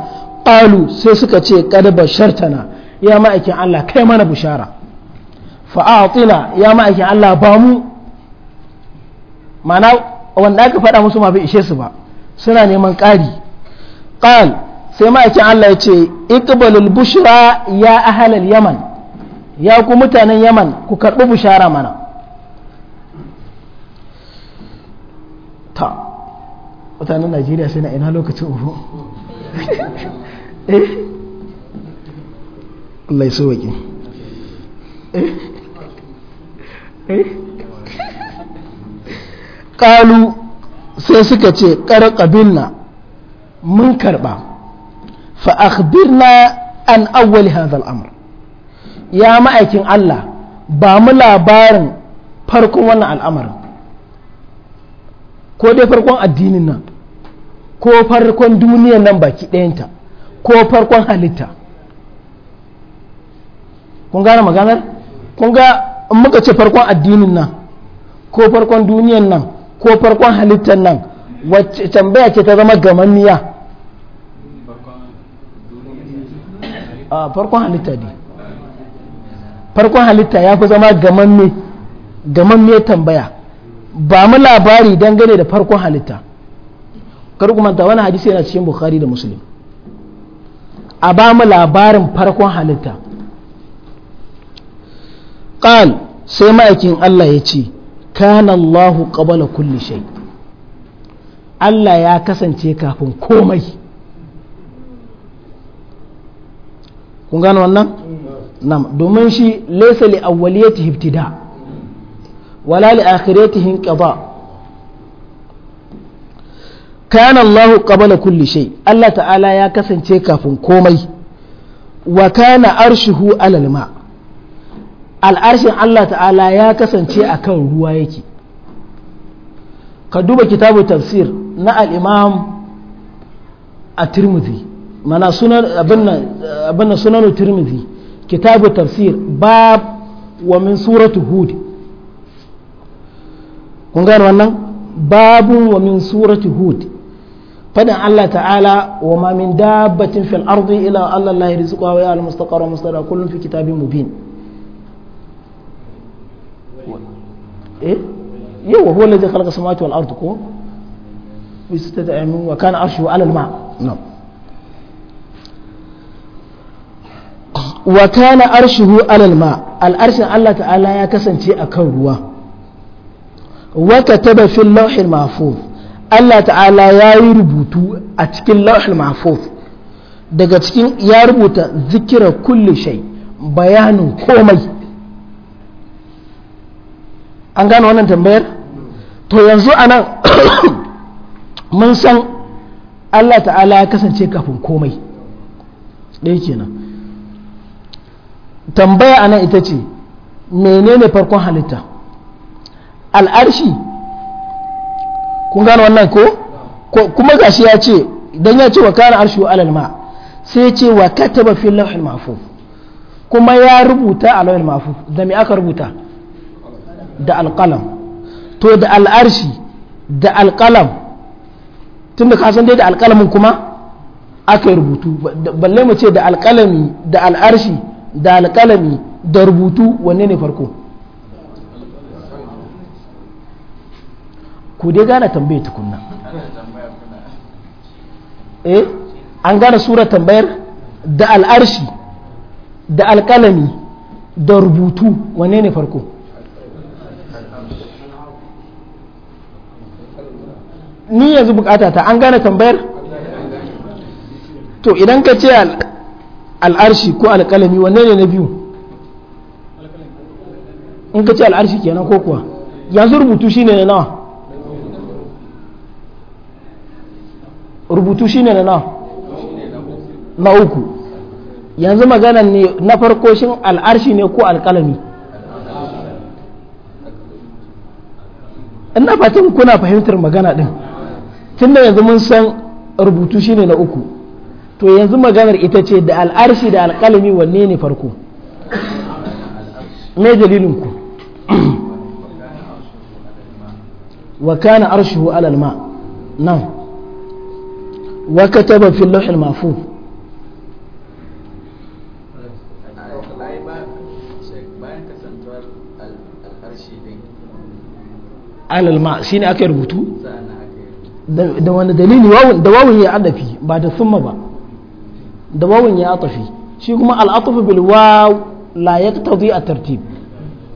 ƙalu sai suka ce kada shartana ya ma'aikin Allah kai mana bishara fa'atina ya ma'aikin Allah ba mu mana wanda aka faɗa musu mafi ishe su ba suna neman ƙari ƙal sai ma'aikin Allah ya ce ikbalul bushra ya ahalal yaman ya ku mutanen yaman ku karɓi Bushara mana ta mutanen najeriya sai na ina lokacin uhu eh allai so sauwaƙe eh, eh? sai suka ce na mun karɓa na an awwali hazal amur ya ma'aikin Allah ba mu labarin farkon wannan al'amarin ko dai farkon addinin nan ko farkon duniyan nan baki ɗayanta ko farkon halitta kun gane maganar kun ga muka ce farkon addinin nan ko farkon duniyan nan ko farkon halittar nan wacce tambaya ce ta zama gamanniya farkon halitta ne farkon halitta ya fi zama gamanniya tambaya ba mu labari dangane da farkon halitta kar ku wani hadisi yana cikin bukhari da muslim a ba mu labarin farkon halitta qal sai ma'aikin Allah ya ce kana Allahu qabala kulli shay Allah ya kasance kafin komai kun gano wannan domin shi laysa li awwaliyati ibtida' ولا لآخرتهم قضاء كان الله قبل كل شيء الله تعالى يا كسن كافن كومي وكان أرشه على الماء الأرش الله تعالى يا كسن أكون روايك كدوب كتاب التفسير نا الإمام الترمذي mana sunan abin sunan tirmidhi kitabu tafsir bab wa min suratu hud kun gane wannan babu wa min surati hud fadin Allah ta'ala wa ma min dabbatin fil ardi ila Allah la yarzuquha wa ya'lamu mustaqarra wa mustaqarra kullun fi kitabin mubin eh yawa huwa alladhi khalaqa samawati wal ardi ko bi sittati ayyamin wa kana arshuhu 'ala al-ma' na'am wa kana arshuhu alal ma al'arshin Allah ta'ala ya kasance a kan ruwa wa taba fil lawhil mahfuz Allah ta'ala ya yi rubutu a cikin lawhil mahfuz daga cikin ya rubuta zikira kulli shay bayanin komai an gano wannan tambayar to yanzu anan mun san Allah ta'ala ya kasance kafin komai ɗaya kenan tambaya anan ita ce menene farkon halitta al'arshi kun gano wannan ko kuma gashi ya ce idan ya ce wa kana arshi wa ma sai ya ce wa kataba fil lawhil mahfuz kuma ya rubuta a lawhil mahfuz da me aka rubuta da alƙalam to da al'arshi da alqalam tunda ka san dai da alqalamin kuma aka rubutu balle mu ce da alƙalami da al'arshi da alƙalami da rubutu wanne ne farko ku dai gane tambayar tukunna eh an gane sura tambayar da al'arshi da alƙalami da rubutu wanne ne farko ni yanzu bukata ta an gane tambayar to idan ka ce al'arshi ko alƙalami wanne ne na biyu in ka ce al'arshi kenan ko kuwa yanzu rubutu shine na nawa rubutu shine na na uku yanzu magana ne na farko shin al'arshi ne ko alƙalami ina fatan kuna fahimtar magana din tunda yanzu mun san rubutu shine na uku to yanzu maganar ita ce da al'arshi da alƙalami wanne ne farko dalilin dalilinku wa kana arshihu alal ma nan وكتب في اللوح المحفوظ alal ma shi ne aka rubutu da wani dalili da wawun ya adafi ba da summa ba da wawun ya atafi shi kuma al'atufu bil waw la yaqtadi a tartib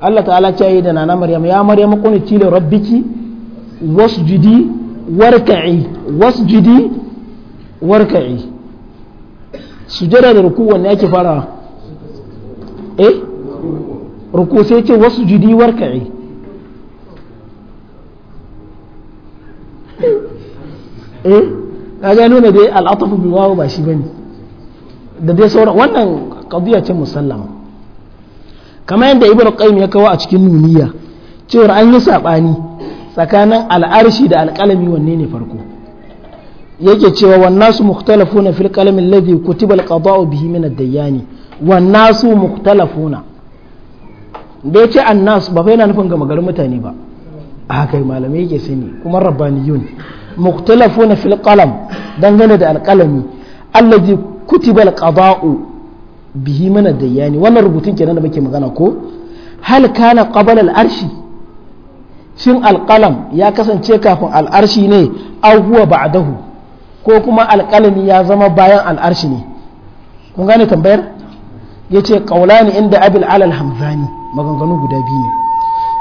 Allah ta'ala ta yi da nana Maryam ya Maryam qulti li rabbiki wasjudi warka'i wasjudi warka'i sujada da ruku wanne ake farawa eh ruku sai ce wasu jidi warka'i eh na ga nuna dai al'atafu bi wawo ba shi bane da dai sauran wannan qadiya ce musallama kamar yadda ibnu qayyim ya kawo a cikin nuniya cewar an yi sabani tsakanin al'arshi da alƙalami wanne ne farko yake cewa wan nasu mukhtalafuna fil qalam alladhi kutiba alqada'u bihi min ad-dayani wan nasu mukhtalafuna da yace an nasu ba fa yana nufin ga magarin mutane ba a kai malamai yake sani kuma rabbaniyun mukhtalafuna fil qalam dangane da alqalami alladhi kutiba alqada'u bihi min ad-dayani wannan rubutun kenan da muke magana ko hal kana qabala al-arshi shin alqalam ya kasance kafin al'arshi ne aw huwa ba'dahu ko kuma alƙalami ya zama bayan al'arshi ne kun gane tambayar ya ce ƙaulani inda abil alal hamzani maganganu guda biyu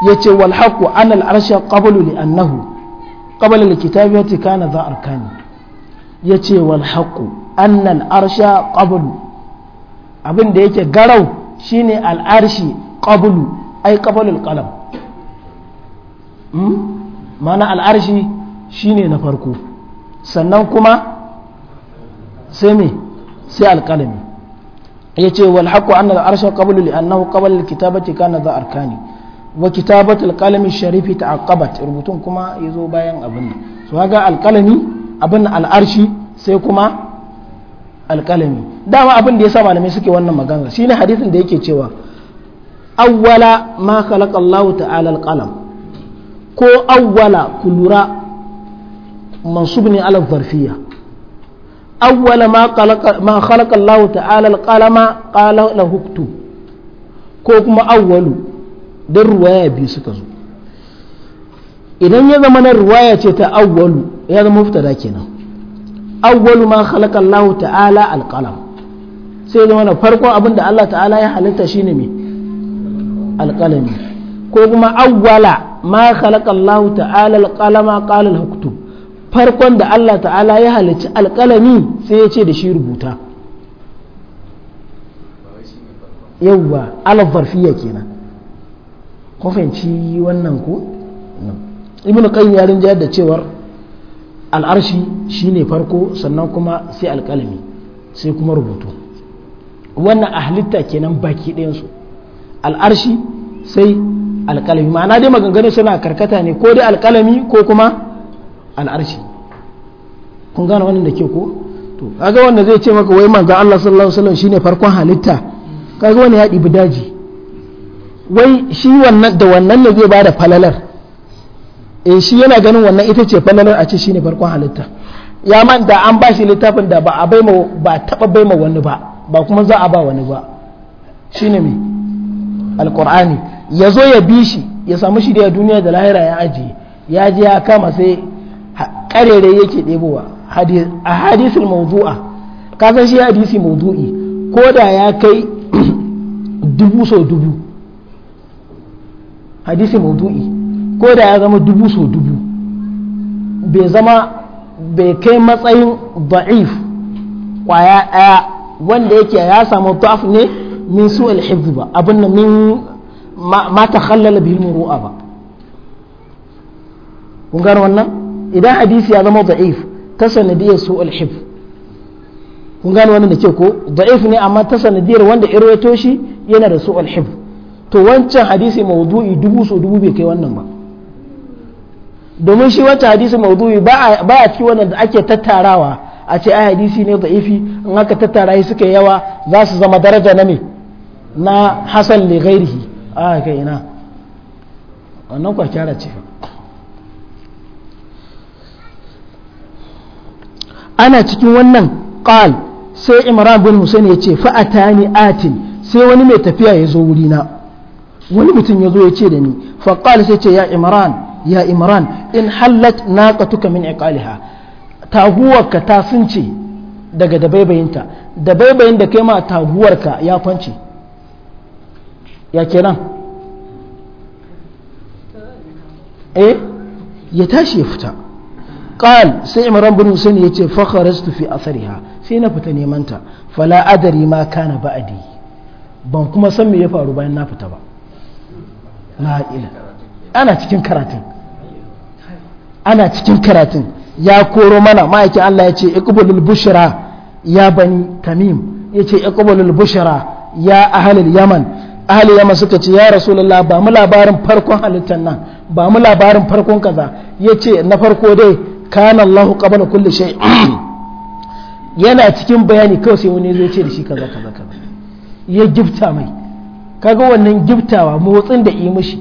ne ya ce wal haqqu an al arshi qablu li annahu qabla al kitabiyati na za arkani ya ce wal an arsha abin da yake garau shine al'arshi arshi ai qablu kalam mana hmm? al'arshi shine na farko sannan kuma sai sai alƙalami ya ce wal haqqu anna arsha qabla annahu qabla kitabati kana za arkani wa kitabatu al-qalami ta ta'aqqabat rubutun kuma zo bayan abin nan so alƙalami abin al'arshi sai kuma alƙalami dama abin da yasa malamai suke wannan magana shine hadisin da yake cewa awwala ma khalaqa Allah ta'ala al ko awwala lura. mansub ne ala zarfiya awwala ma khalaqa ma khalaqa Allah ta'ala al-qalama ko kuma awwalu dan ruwaya biyu suka zo idan ya zama na ruwaya ce ta awwalu ya zama muftada kenan awwalu ma khalaqa Allah ta'ala al-qalam sai zama na farkon abin da Allah ta'ala ya halitta shine me ko kuma awwala ma khalaqa Allah ta'ala al-qalama farkon da Allah ta'ala ya halicci alƙalami sai ya ce da shi rubuta yauwa alaf zarfiya kenan ko fahimci wannan ko ibnu qayyim ya rinjayar da cewar al'arshi shine farko sannan kuma sai alƙalami sai kuma rubutu wannan a halitta kenan baki ɗayansu al'arshi sai alƙalami ma'ana dai maganganun suna karkata ne ko dai alƙalami ko kuma al'arshi kun gane wannan da ke ko to kaga wanda zai ce maka wai manzo Allah sallallahu alaihi wasallam shine farkon halitta kaga wani ya dibi daji wai shi wannan da wannan ne zai bada falalar eh shi yana ganin wannan ita ce falalar a ce shine farkon halitta ya man da an ba shi littafin da ba a baima ba taba baima wani ba ba kuma za a ba wani ba shine me alqur'ani ya zo ya bi shi ya samu shi da duniya da lahira ya ajiye ya je ya kama sai karere yake ɗebowa a hadisul mawdu'a ka san shi hadisi mawdu'i ko da ya kai dubu so dubu hadisi mawdu'i ko da ya zama dubu so dubu bai zama bai kai matsayin da'if kwaya ɗaya wanda yake ya samu ta'af ne min su alhifz ba abin da min ma ta khallala bil ru'a ba kun gano wannan idan hadisi ya zama da'if ta sanadiyar su alhif kun gano wannan da ke ko da'if ne amma ta sanadiyar wanda irwato shi yana da su alhif to wancan hadisi maudu'i dubu so dubu bai kai wannan ba domin shi wancan hadisi maudu'i ba a ci wannan da ake tattarawa a ce ai hadisi ne da'ifi in aka tattara shi suka yawa za su zama daraja na me na hasan li ghairihi a ah, kai ina wannan kwa kyara ce ana cikin wannan qal sai imran bin husayn ya ce fa'atani atin sai wani mai tafiya ya zo wurina wani mutum ya zo ya ce da ni fa qal sai ce ya imran ya imran in hallat naqatuka min iqaliha taguwarka ta sunce daga dabaibayinta dabaibayin da kai ma taguwarka ya kwance ya kenan eh ya tashi ya fita qal sai imran bin husayn yace fa kharastu fi athariha sai na fita neman ta fala adari ma kana ba'di ban kuma san me ya faru bayan na fita ba la ila ana cikin karatun ana cikin ya koro mana ma'aikin Allah ya ce iqbalul bushra ya bani tamim ya ce iqbalul bushra ya ahlul yaman ahlul yaman suka ce ya rasulullah ba mu labarin farkon halittar nan ba mu labarin farkon kaza ya ce na farko dai kana Allah qabala kulli shay yana cikin bayani kawai sai wani zai ce da shi kaza kaza kaza ya gifta mai kaga wannan giftawa motsin da yi mishi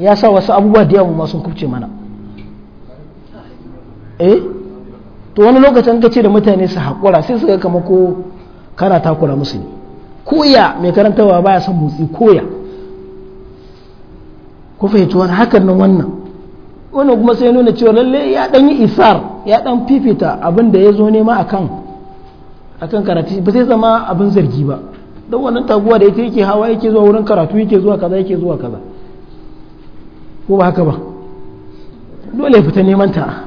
ya sa wasu abubuwa da yawa sun kubce mana eh to wani lokacin ka ce da mutane su haƙura sai su ga kama ko kana takura musu ne koya mai karantarwa baya son motsi koya ku fahimci wani hakan nan wannan wannan kuma sai nuna cewa lalle ya dan yi isar ya dan fifita abin da ya zo nema akan akan karatu ba sai zama abin zargi ba don wannan taguwa da ita yake hawa yake zuwa wurin karatu yake zuwa kaza yake zuwa kaza ko ba haka ba dole ya fita neman ta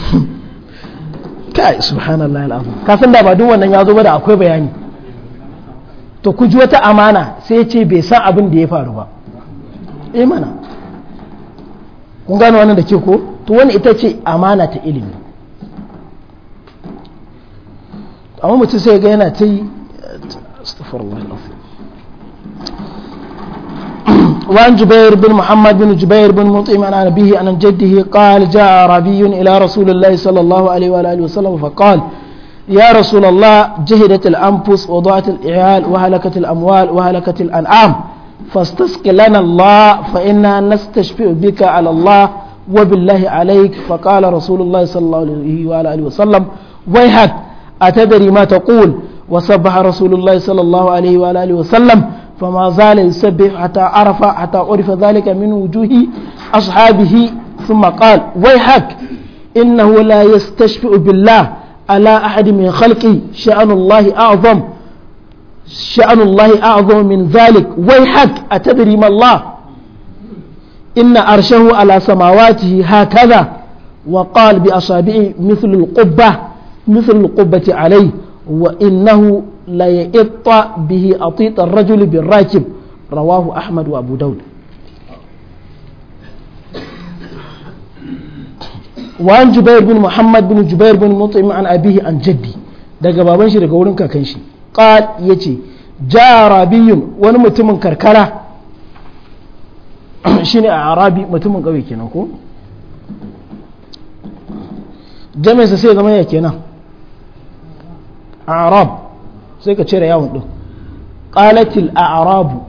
kai subhanallahi alazim ka san da ba duk wannan ya zo ba da akwai bayani to ku ji wata amana sai ya ce bai san abin da ya faru ba imana eh mana kun gano wannan da ke ko to wani ita ce amana ta ilimi amma mutum sai ga yana ta yi وعن جبير بن محمد بن جبير بن مطعم عن أبيه عن جده قال جاء عربي إلى رسول الله صلى الله عليه وآله وسلم فقال يا رسول الله جهدت الأنفس وضاعت العيال وهلكت الأموال وهلكت الأنعام فاستسق لنا الله فإنا نستشفئ بك على الله وبالله عليك فقال رسول الله صلى الله عليه وعلى آله وسلم ويحك أتدري ما تقول وسبح رسول الله صلى الله عليه وعلى آله وسلم فما زال يسبح حتى عرف حتى عرف ذلك من وجوه أصحابه ثم قال ويحك إنه لا يستشفئ بالله على أحد من خلقي شأن الله أعظم شأن الله أعظم من ذلك ويحك أتدري ما الله إن أرشه على سماواته هكذا وقال بأصابعه مثل القبة مثل القبة عليه وإنه ليئط به أطيط الرجل بالراكب رواه أحمد وأبو داود وعن جبير بن محمد بن جبير بن مطعم عن أبيه عن جدي ده قبابا شرق ورنكا كنشي yace يجي جاء أعرابي ونمتم كركرة شنو أعرابي متم قوي sai zama ya kenan arab sai ka cire yawon din qalatil a'rabu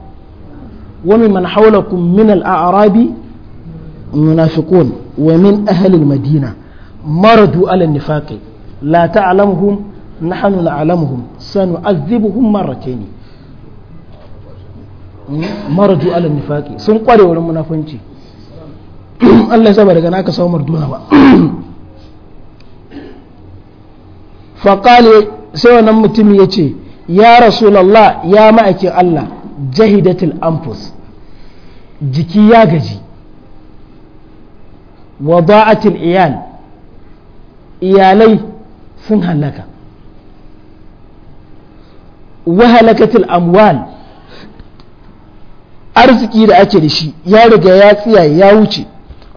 wa hawlakum min al-a'rabi munafiqun wa min ahli al-madina maradu ala nifaqi la ta'lamuhum nahnu na'lamuhum sanu'adhibuhum marratayn hmm? marju ala nifaqi sun kware wurin munafunci Allah ya daga naka samu marduna ba faƙali sai wannan mutum ya ce ya rasulallah ya ma'aikin Allah jahidatul anfus jiki ya gaji wada'atul iyal iyalai sun halaka wahalakatul amwal arziki da ake da shi ya riga ya tsiyaye ya wuce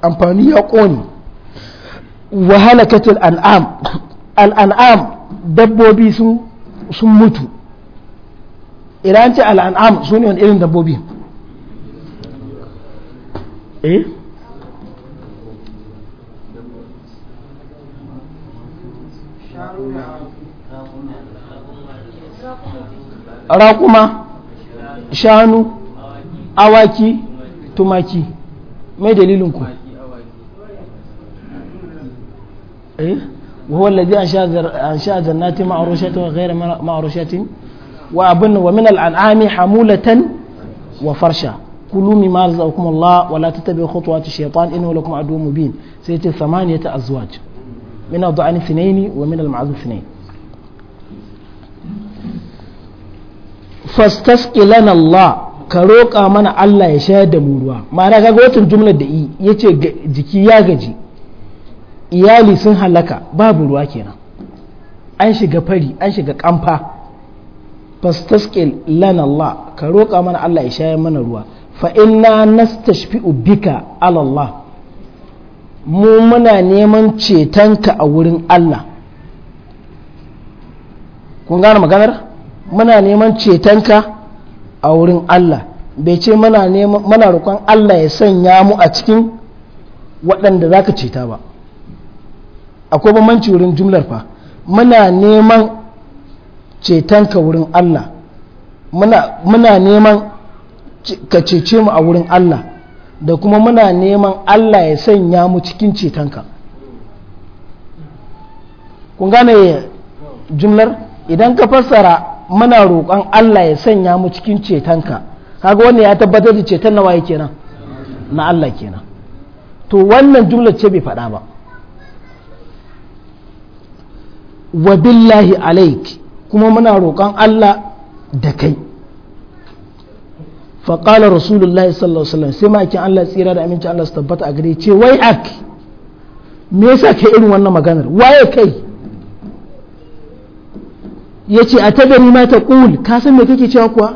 amfani ya ƙone wahalakatul an'am al'an'am dabbobi sun mutu idan ce al'an'am su ne wani irin dabbobi eh raƙuma shanu awaki tumaki mai dalilin ku eh وهو الذي أنشأ جنات معروشات وغير معروشات وأبن ومن الأنعام حمولة وفرشا كلوا مما رزقكم الله ولا تتبعوا خطوات الشيطان إنه لكم عدو مبين سيأتي ثمانية أزواج من الضعن اثنين ومن المعز اثنين fastasqi lana Allah ka roƙa mana Allah ya shayar da mu ruwa ma'ana ga watan jumlar da yi yace jiki ya gaji iyali sun halaka babu ruwa kenan an shiga fari an shiga kamfa fastasqi lana Allah ka roƙa mana Allah ya shayar mana ruwa fa inna nastashfi'u bika ala Allah mu muna neman cetonka a wurin Allah kun gane maganar muna neman cetonka a wurin Allah bai ce muna roƙon Allah ya sanya mu a cikin waɗanda za ka ceta ba akwai bambanci wurin jumlar fa muna neman cetonka wurin Allah muna neman ka cece mu a wurin Allah da kuma muna neman Allah ya sanya mu cikin cetonka kun gane jumlar idan ka fassara muna roƙon Allah ya sanya mu cikin ka kaga wannan ya tabbatar da ceton na waye kenan na Allah kenan to wannan jumla ce bai faɗa ba wa billahi alaik kuma muna roƙon Allah da kai faƙala rasulullahi sallallahu alaihi wasallam sai ma'aikin Allah tsira da aminci Allah su tabbata a gare ce wai ak me yasa kai irin wannan maganar waye kai ya ce a tadari mata ƙul kasan mai me kake cewa kuwa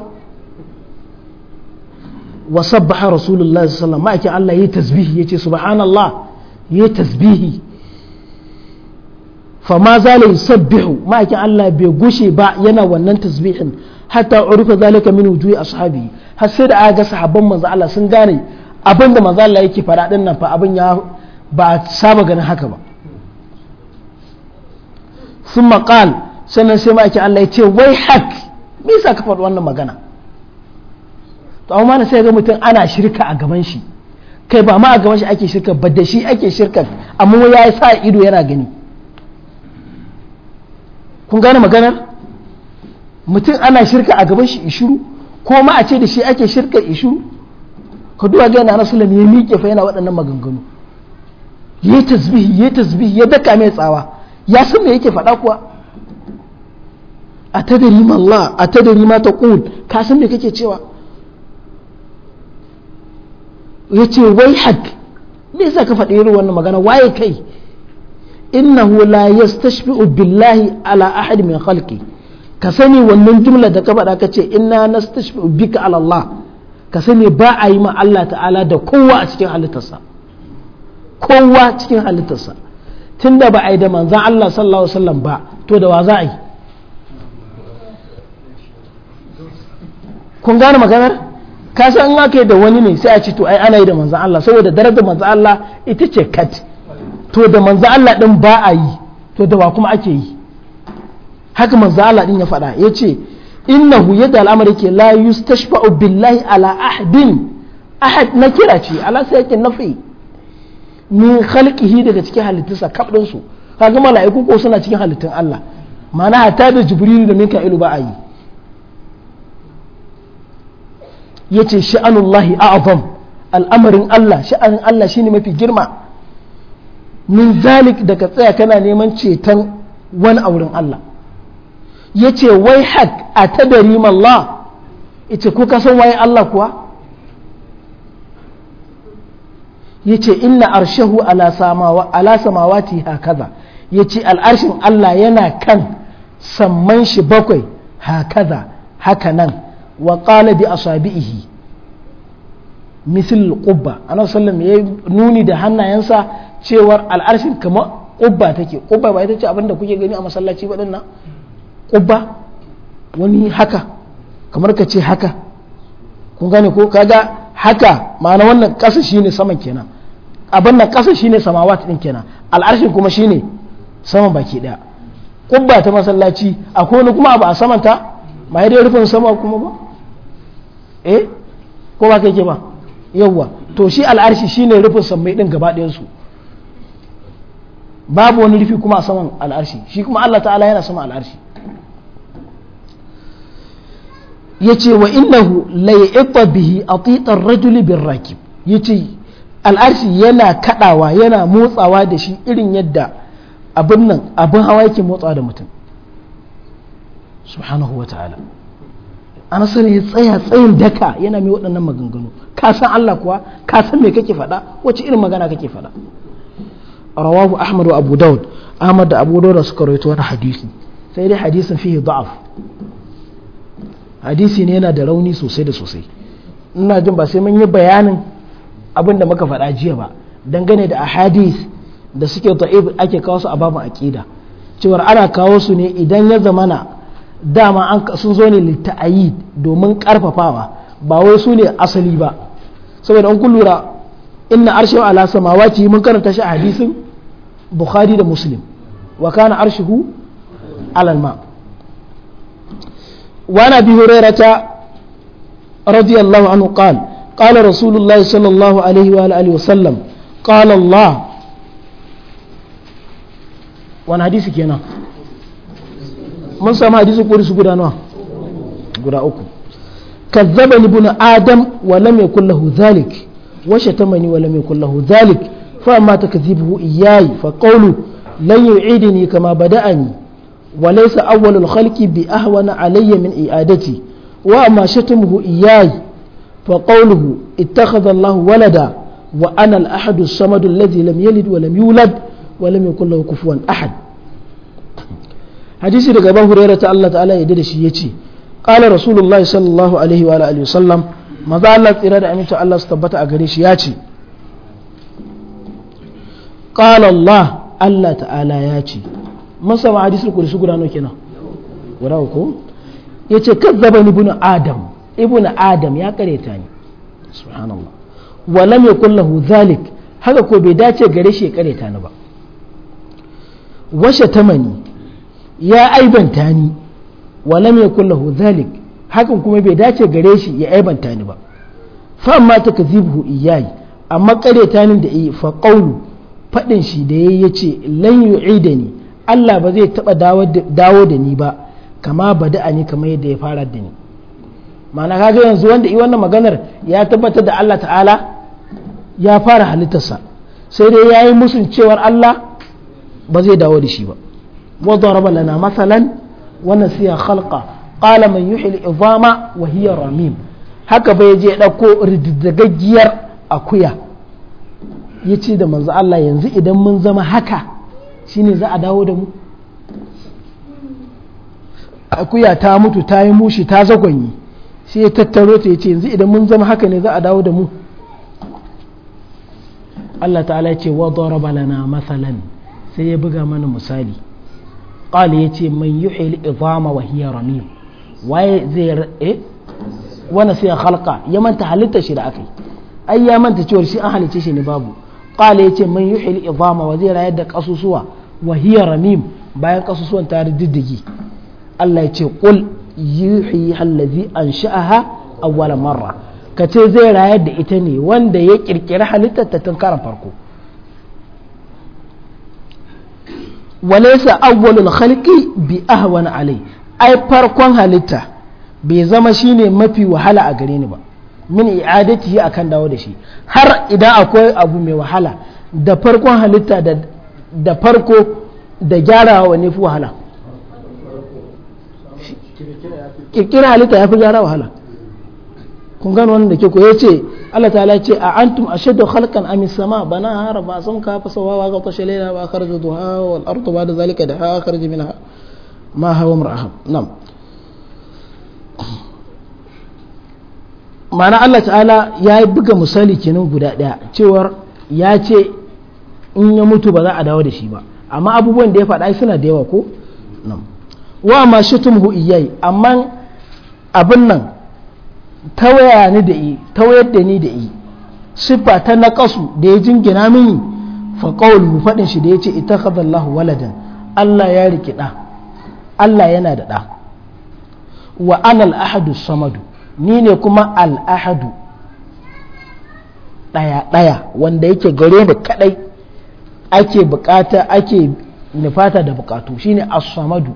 wa sabbaha rasulullahi sallam alaihi wasallam Allah ya tasbihi ya ce subhanallah ya tasbihi fa ma zala yusabbihu ma'aikin Allah bai gushe ba yana wannan tasbihin hatta urufa zalika min wujuhi ashabi har sai da aka ga sahabban manzo Allah sun gane abin da manzo Allah yake fara din nan fa abin ya ba saba ganin haka ba summa qala sannan sai ma'aikin Allah ya ce wai hak me yasa ka faɗi wannan magana to amma na sai ga mutum ana shirka a gaban shi kai ba ma a gaban shi ake shirka ba da shi ake shirka amma ya yi sa ido yana gani kun gane maganar mutum ana shirka a gaban shi ishuru ko ma a ce da shi ake shirka ishuru ka duwa ga yana rasulun ya miƙe fa yana waɗannan maganganu ya tasbihi ya tasbihi ya daka mai tsawa ya san me yake faɗa kuwa atadari ma Allah atadari ma taqul ka san me kake cewa yace wai hak me yasa ka faɗi irin wannan magana waye kai innahu la yastashfi'u billahi ala ahad min khalqi ka sani wannan jumla da ka faɗa ka ce inna nastashfi'u bika ala Allah ka sani ba a yi ma Allah ta'ala da kowa a cikin halittarsa kowa cikin halittarsa tunda ba a yi da manzan Allah sallallahu alaihi wasallam ba to da wa za a yi kun gane maganar ka san in aka yi da wani ne sai a ce to ai ana yi da manzan Allah saboda darajar manzan Allah ita ce kat to da manzan Allah din ba a yi to da wa kuma ake yi haka manzan Allah din ya faɗa ya ce innahu yadda al'amari ke la yustashfa'u billahi ala ahadin ahad na kira ce ala sai yake nafi min khalqihi daga cikin halittunsa kaf din su kaga mala'iku ko suna cikin halittun Allah ma'ana hatta da jibrilu da mika'ilu ba a yi yace sha'anullahi a'zam al'amarin Allah sha'anin Allah shi ne mafi girma min zalik daga tsaya kana neman ceton wani auren Allah yace wai haƙ a tadari mallah ita kuka san waye Allah kuwa yace ina arshahu ala samawa ala samawati hakaza yace al'arshin Allah yana kan samman shi bakwai hakaza haka nan wa qala bi asabihi misil qubba ana sallam ya nuni da hannayensa cewar al'arshin kama qubba take qubba ba ita ce abinda kuke gani a masallaci ba dinnan qubba wani haka kamar ka ce haka kun gane ko kaga haka ma'ana wannan ƙasa shine saman kenan abin nan ƙasa shine ta ɗin kenan al'arshin kuma shine saman baki ɗaya kubba ta masallaci akwai wani kuma abu a samanta ba ya rufin sama kuma ba eh ko ba kai ke ba yawwa to shi al'arshi shine rufin sammai din gaba ɗayan su babu wani rufi kuma a saman al'arshi shi kuma Allah ta'ala yana saman al'arshi yace wa innahu la ya'itta bihi atiqar rajuli bir rakib yace al'arshi yana kadawa yana motsawa da shi irin yadda abin nan abin hawa yake motsawa da mutum subhanahu wa ta'ala ana nasarar ya tsaya tsayin daka yana mai waɗannan maganganu ka san Allah kuwa ka san me kake faɗa wacce irin magana kake faɗa rawahu ahmad wa abu daud ahmad da abu daud suka rawaito wani hadisi sai dai hadisin fihi da'af hadisi ne yana da rauni sosai da sosai ina jin ba sai mun yi bayanin abin da muka faɗa jiya ba dangane da ahadis da suke ta'ib ake kawo su a babu aqida cewar ana kawo su ne idan ya zamana dama an sun zo ne litta'ayi domin karfafawa ba wai su ne asali ba saboda an kullura inna arshe wa ala samawati mun karanta shi a hadisin bukhari da muslim wa kana arshihu alal ma wa nabi hurairata radiyallahu anhu qal qala قال sallallahu alaihi wa الله عليه وآله وسلم قال الله وانا حديث mun samu hadisin su guda nawa guda uku kazzaba ibn adam wa lam yakul lahu dhalik wa shatamani wa lam yakul lahu dhalik fa amma takdhibuhu iyyayi fa qawlu lan yu'idni kama bada'ani wa laysa awwal al-khalqi bi ahwana alayya min i'adati wa amma shatamuhu iyyayi fa qawluhu ittakhadha Allahu walada wa ana al-ahad as-samad alladhi lam yalid wa lam yulad wa lam yakul lahu kufuwan ahad hadisi daga Abu Hurairah ta Allah ta'ala ya da shi yace qala rasulullahi sallallahu alaihi wa alihi sallam maza Allah tsira da amincin Allah su tabbata a gare shi yace qala Allah Allah ta'ala yace mun sama hadisul kursi guda nawa kenan guda ko yace kazzaba ibnu adam ibnu adam ya kareta ni subhanallah wa lam yakul lahu dhalik haka ko bai dace gare shi ya kareta ni ba washe tamani ya aibanta ni wa lam yakul lahu dhalik hakan kuma bai dace gare shi ya aibanta ni ba fa amma takzibuhu iyayi amma kareta ni da yi fa qawlu fadin shi da yayi yace lan yu'idani Allah ba zai taba dawo da ni ba kama bada ani kamar yadda ya fara da ni ma'ana kaga yanzu wanda yi wannan maganar ya tabbatar da Allah ta'ala ya fara halittarsa sai dai yayi yi musun cewar Allah ba zai dawo da shi ba وضرب لنا مثلا ونسي خلقه قال من يحيي العظام وهي رميم haka bai je ɗauko rididdigaggiyar akuya ya ce da manzo Allah yanzu idan mun zama haka shine za a dawo da mu akuya ta mutu ta yi mushi ta zagwanyi sai ya tattaro ta ya ce yanzu idan mun zama haka ne za a dawo da mu Allah ta'ala ya ce wa daraba lana masalan sai ya buga mana misali qala yace man yuhil idama wa hiya ramim waye zai eh wani sai halka ya manta halitta shi da akai ai ya manta cewa shi an halice shi ne babu qala yace man yuhil idama wa zai rayar da kasusuwa wa hiya ramim bayan kasusuwan ta diddigi Allah yi qul yuhi allazi ansha'aha awwala marra kace zai rayar da ita ne wanda ya kirkiri halittar ta tun karan farko walaysa awwalul khalqi bi ahwana alai ai farkon halitta bai zama shine mafi wahala a gare ni ba min i'adatihi akan dawo da shi har idan akwai abu mai wahala da farkon halitta da da farko da gyarawa wani fi wahala kirkira halitta ya fi gyara wahala kun gano wannan da ke ko ce Allah ta'ala ce a antum ashaddu halkan amin sama bana hara ba sun ka ba sawawa ga tashalila ba karji duha wal ardu ba da zalika da ha kharaju ha ma hawa mar'ahum nam ma'ana Allah ta'ala ya buga misali kenan guda daya cewar ya ce in ya mutu ba za a dawo da shi ba amma abubuwan da ya faɗa suna da yawa ko wa ma shi tumhu iyai amma abin nan tawaya ni da yi tawayar da ni da yi siffa ta naƙasu da ya jingina mini fa mu fadin shi da yace ittakhadha Allahu waladan Allah ya riki da Allah yana da da wa ana al-ahadu samadu ni ne kuma al'ahadu ahadu daya wanda yake gare da kadai ake bukata ake nufata da bukatu shine as-samadu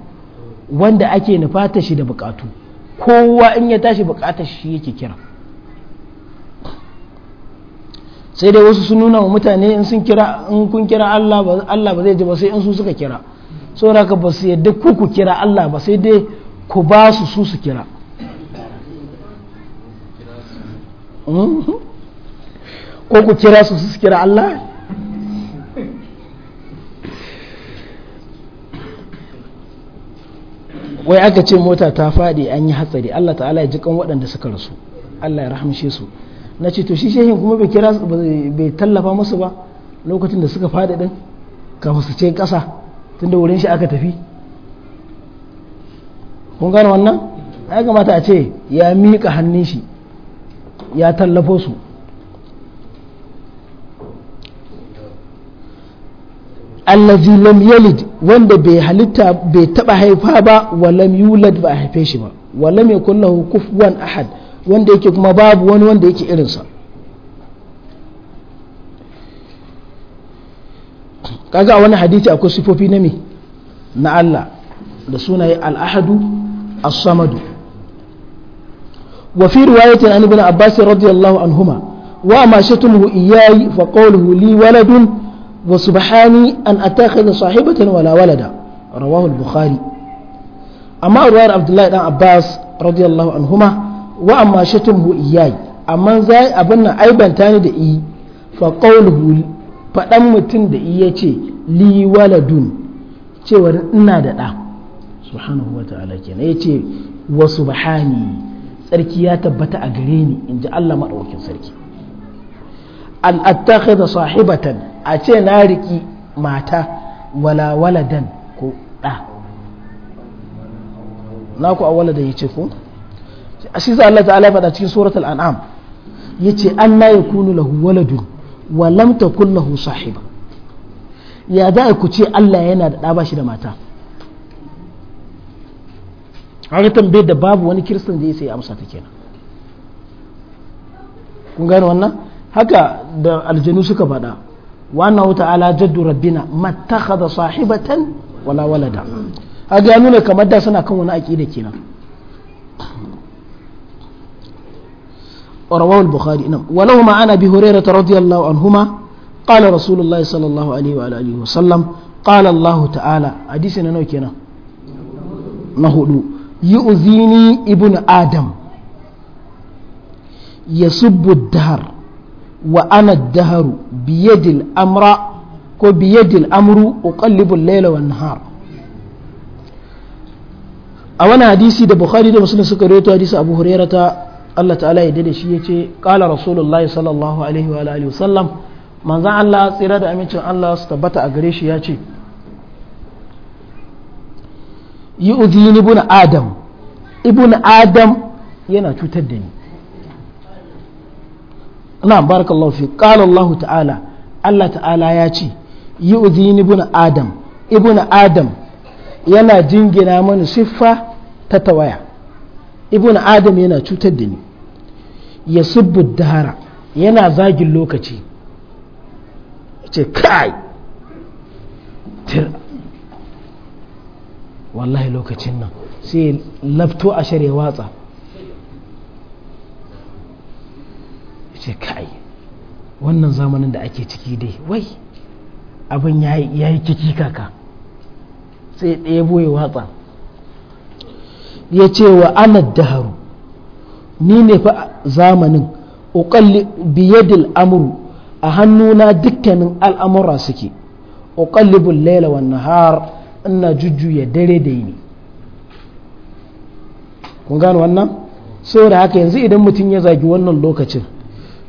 wanda ake nufata shi da bukatu kowa in ya tashi bukatar shi yake kira sai dai wasu sun nuna wa mutane in sun kira in kun kira Allah ba Allah ba zai ji ba sai in su suka kira saboda ka ba su yadda ku ku kira Allah ba sai dai ku ba su su su kira hmm? ko ku kira su su kira Allah wai aka ce mota ta faɗi an yi hatsari Allah ta'ala ya jikan waɗanda suka rasu Allah ya rahamshe su na ce to shi shehin kuma bai kira bai tallafa musu ba lokacin da suka faɗi din ka su ce ƙasa tunda wurin shi aka tafi kun gane wannan ya kamata a ce ya miƙa hannun shi ya tallafo su allazi lam yalid wanda bai halitta bai taba haifa ba wa lam yulad ba a haife shi ba wa lam yakul lahu kufuwan ahad wanda yake kuma babu wani wanda yake irin sa kaga a wani hadisi akwai sifofi na me na Allah da sunaye al-ahadu as-samadu وفي رواية عن ابن عباس رضي الله عنهما وما شتمه إياي فقوله لي ولد وسبحاني أن أتخذ صاحبة ولا ولدا رواه البخاري أما رواية عبد الله بن عباس رضي الله عنهما وأما شتمه إياي أما زي أبنى أيبا تاني دئي فقوله faɗan mutum da iya ce li waladun cewar ina da ɗa subhanahu wa ta'ala ya ce wa subhani ya tabbata a gare ni in ji Allah maɗaukin sarki an attakhadha sahibatan a ce na riki mata wala waladan ko ɗa na ku a da ya ce ko shi Allah ta'ala faɗa cikin suratul an'am yace an la yakunu lahu waladun wa lam takun lahu sahiba ya za ku ce Allah yana da ɗa ba shi da mata haka tambayar da babu wani kiristan da ya sai amsa ta kenan kun gane wannan haka da aljanu suka faɗa wannan ta'ala jaddu rabbina mattakhadha sahibatan wala walada haka ya nuna kamar da suna kan wani aqida kenan رواه البخاري نعم ولهما عن ابي هريره رضي الله عنهما قال رسول الله صلى الله عليه وعلى اله وسلم قال الله تعالى حديثنا نو كينا نهدو يؤذيني ابن ادم يسب الدهر وانا الدهر biyadil amra ko biyadil amru uqallibu layla wan nahar a wani hadisi da bukhari da muslim suka rawaito hadisi abu hurairata Allah ta'ala ya dade shi yace qala rasulullah sallallahu alaihi wa alihi wasallam manzon Allah tsira da amincin Allah su tabbata a gare shi yace yi udhini ibn adam ibn adam yana cutar da ni na'am barakallahu fi qala Allah ta'ala Allah ta'ala ya ce yu'dini ibn adam ibn adam yana jingina mana siffa ta tawaya ibn adam yana cutar da ni ya subbu dahara yana zagin lokaci ce kai wallahi lokacin nan sai lafto a shirya watsa ce kai wannan zamanin da ake ciki dai wai abin ya yi kiki kaka sai ɗaya boye watsa ya ce wa anad haru ni ne fa zamanin uƙalli biyadil amru a hannuna dukkanin al'amura suke bin laila wannan har ina jujjuya dare da yi kun gano wannan da haka yanzu idan mutum ya zagi wannan lokacin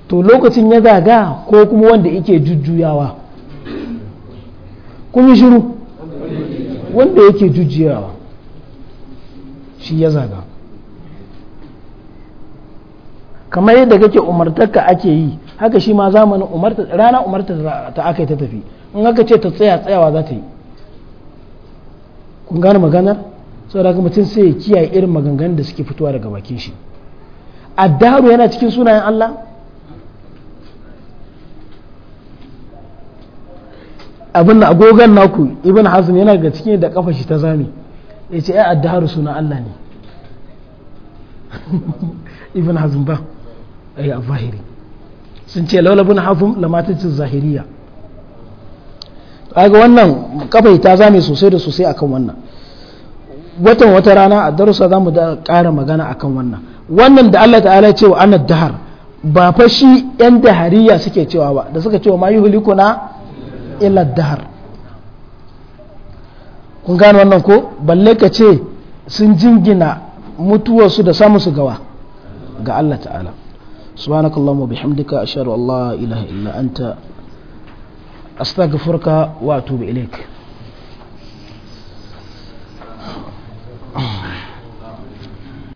to lokacin ya zaga ko kuma wanda yake jujjuyawa kuma shiru wanda yake jujjuyawa shi ya zaga kamar yadda kake umartarka ake yi haka shi ma zamanin rana umarta ta aka yi ta tafi in haka ce ta tsaya tsayawa za ta yi kun gane maganar saboda haka mutum sai ya kiyaye irin maganganun da suke fitowa daga bakin shi addaru yana cikin sunayen Allah abin agogon naku ibn hazm yana ga cikin da kafa shi ta zame ya ce ai addaharu suna Allah ne ibn hazm ba ai a zahiri sun ce laula bin hafum lamatacin zahiriya kaga wannan kafa ta zame sosai da sosai akan wannan watan wata rana a darussa za mu ƙara magana akan wannan wannan da Allah ta'ala cewa ana dahar ba fa shi yan dahariya suke cewa ba da suka cewa ma yuhlikuna ila dahar kun gane wannan ko balle ka ce sun jingina mutuwarsu da samun su gawa ga Allah ta'ala subhanakallahumma bihamdika ashhadu an la ilaha illa anta astaghfiruka wa atubu ilaik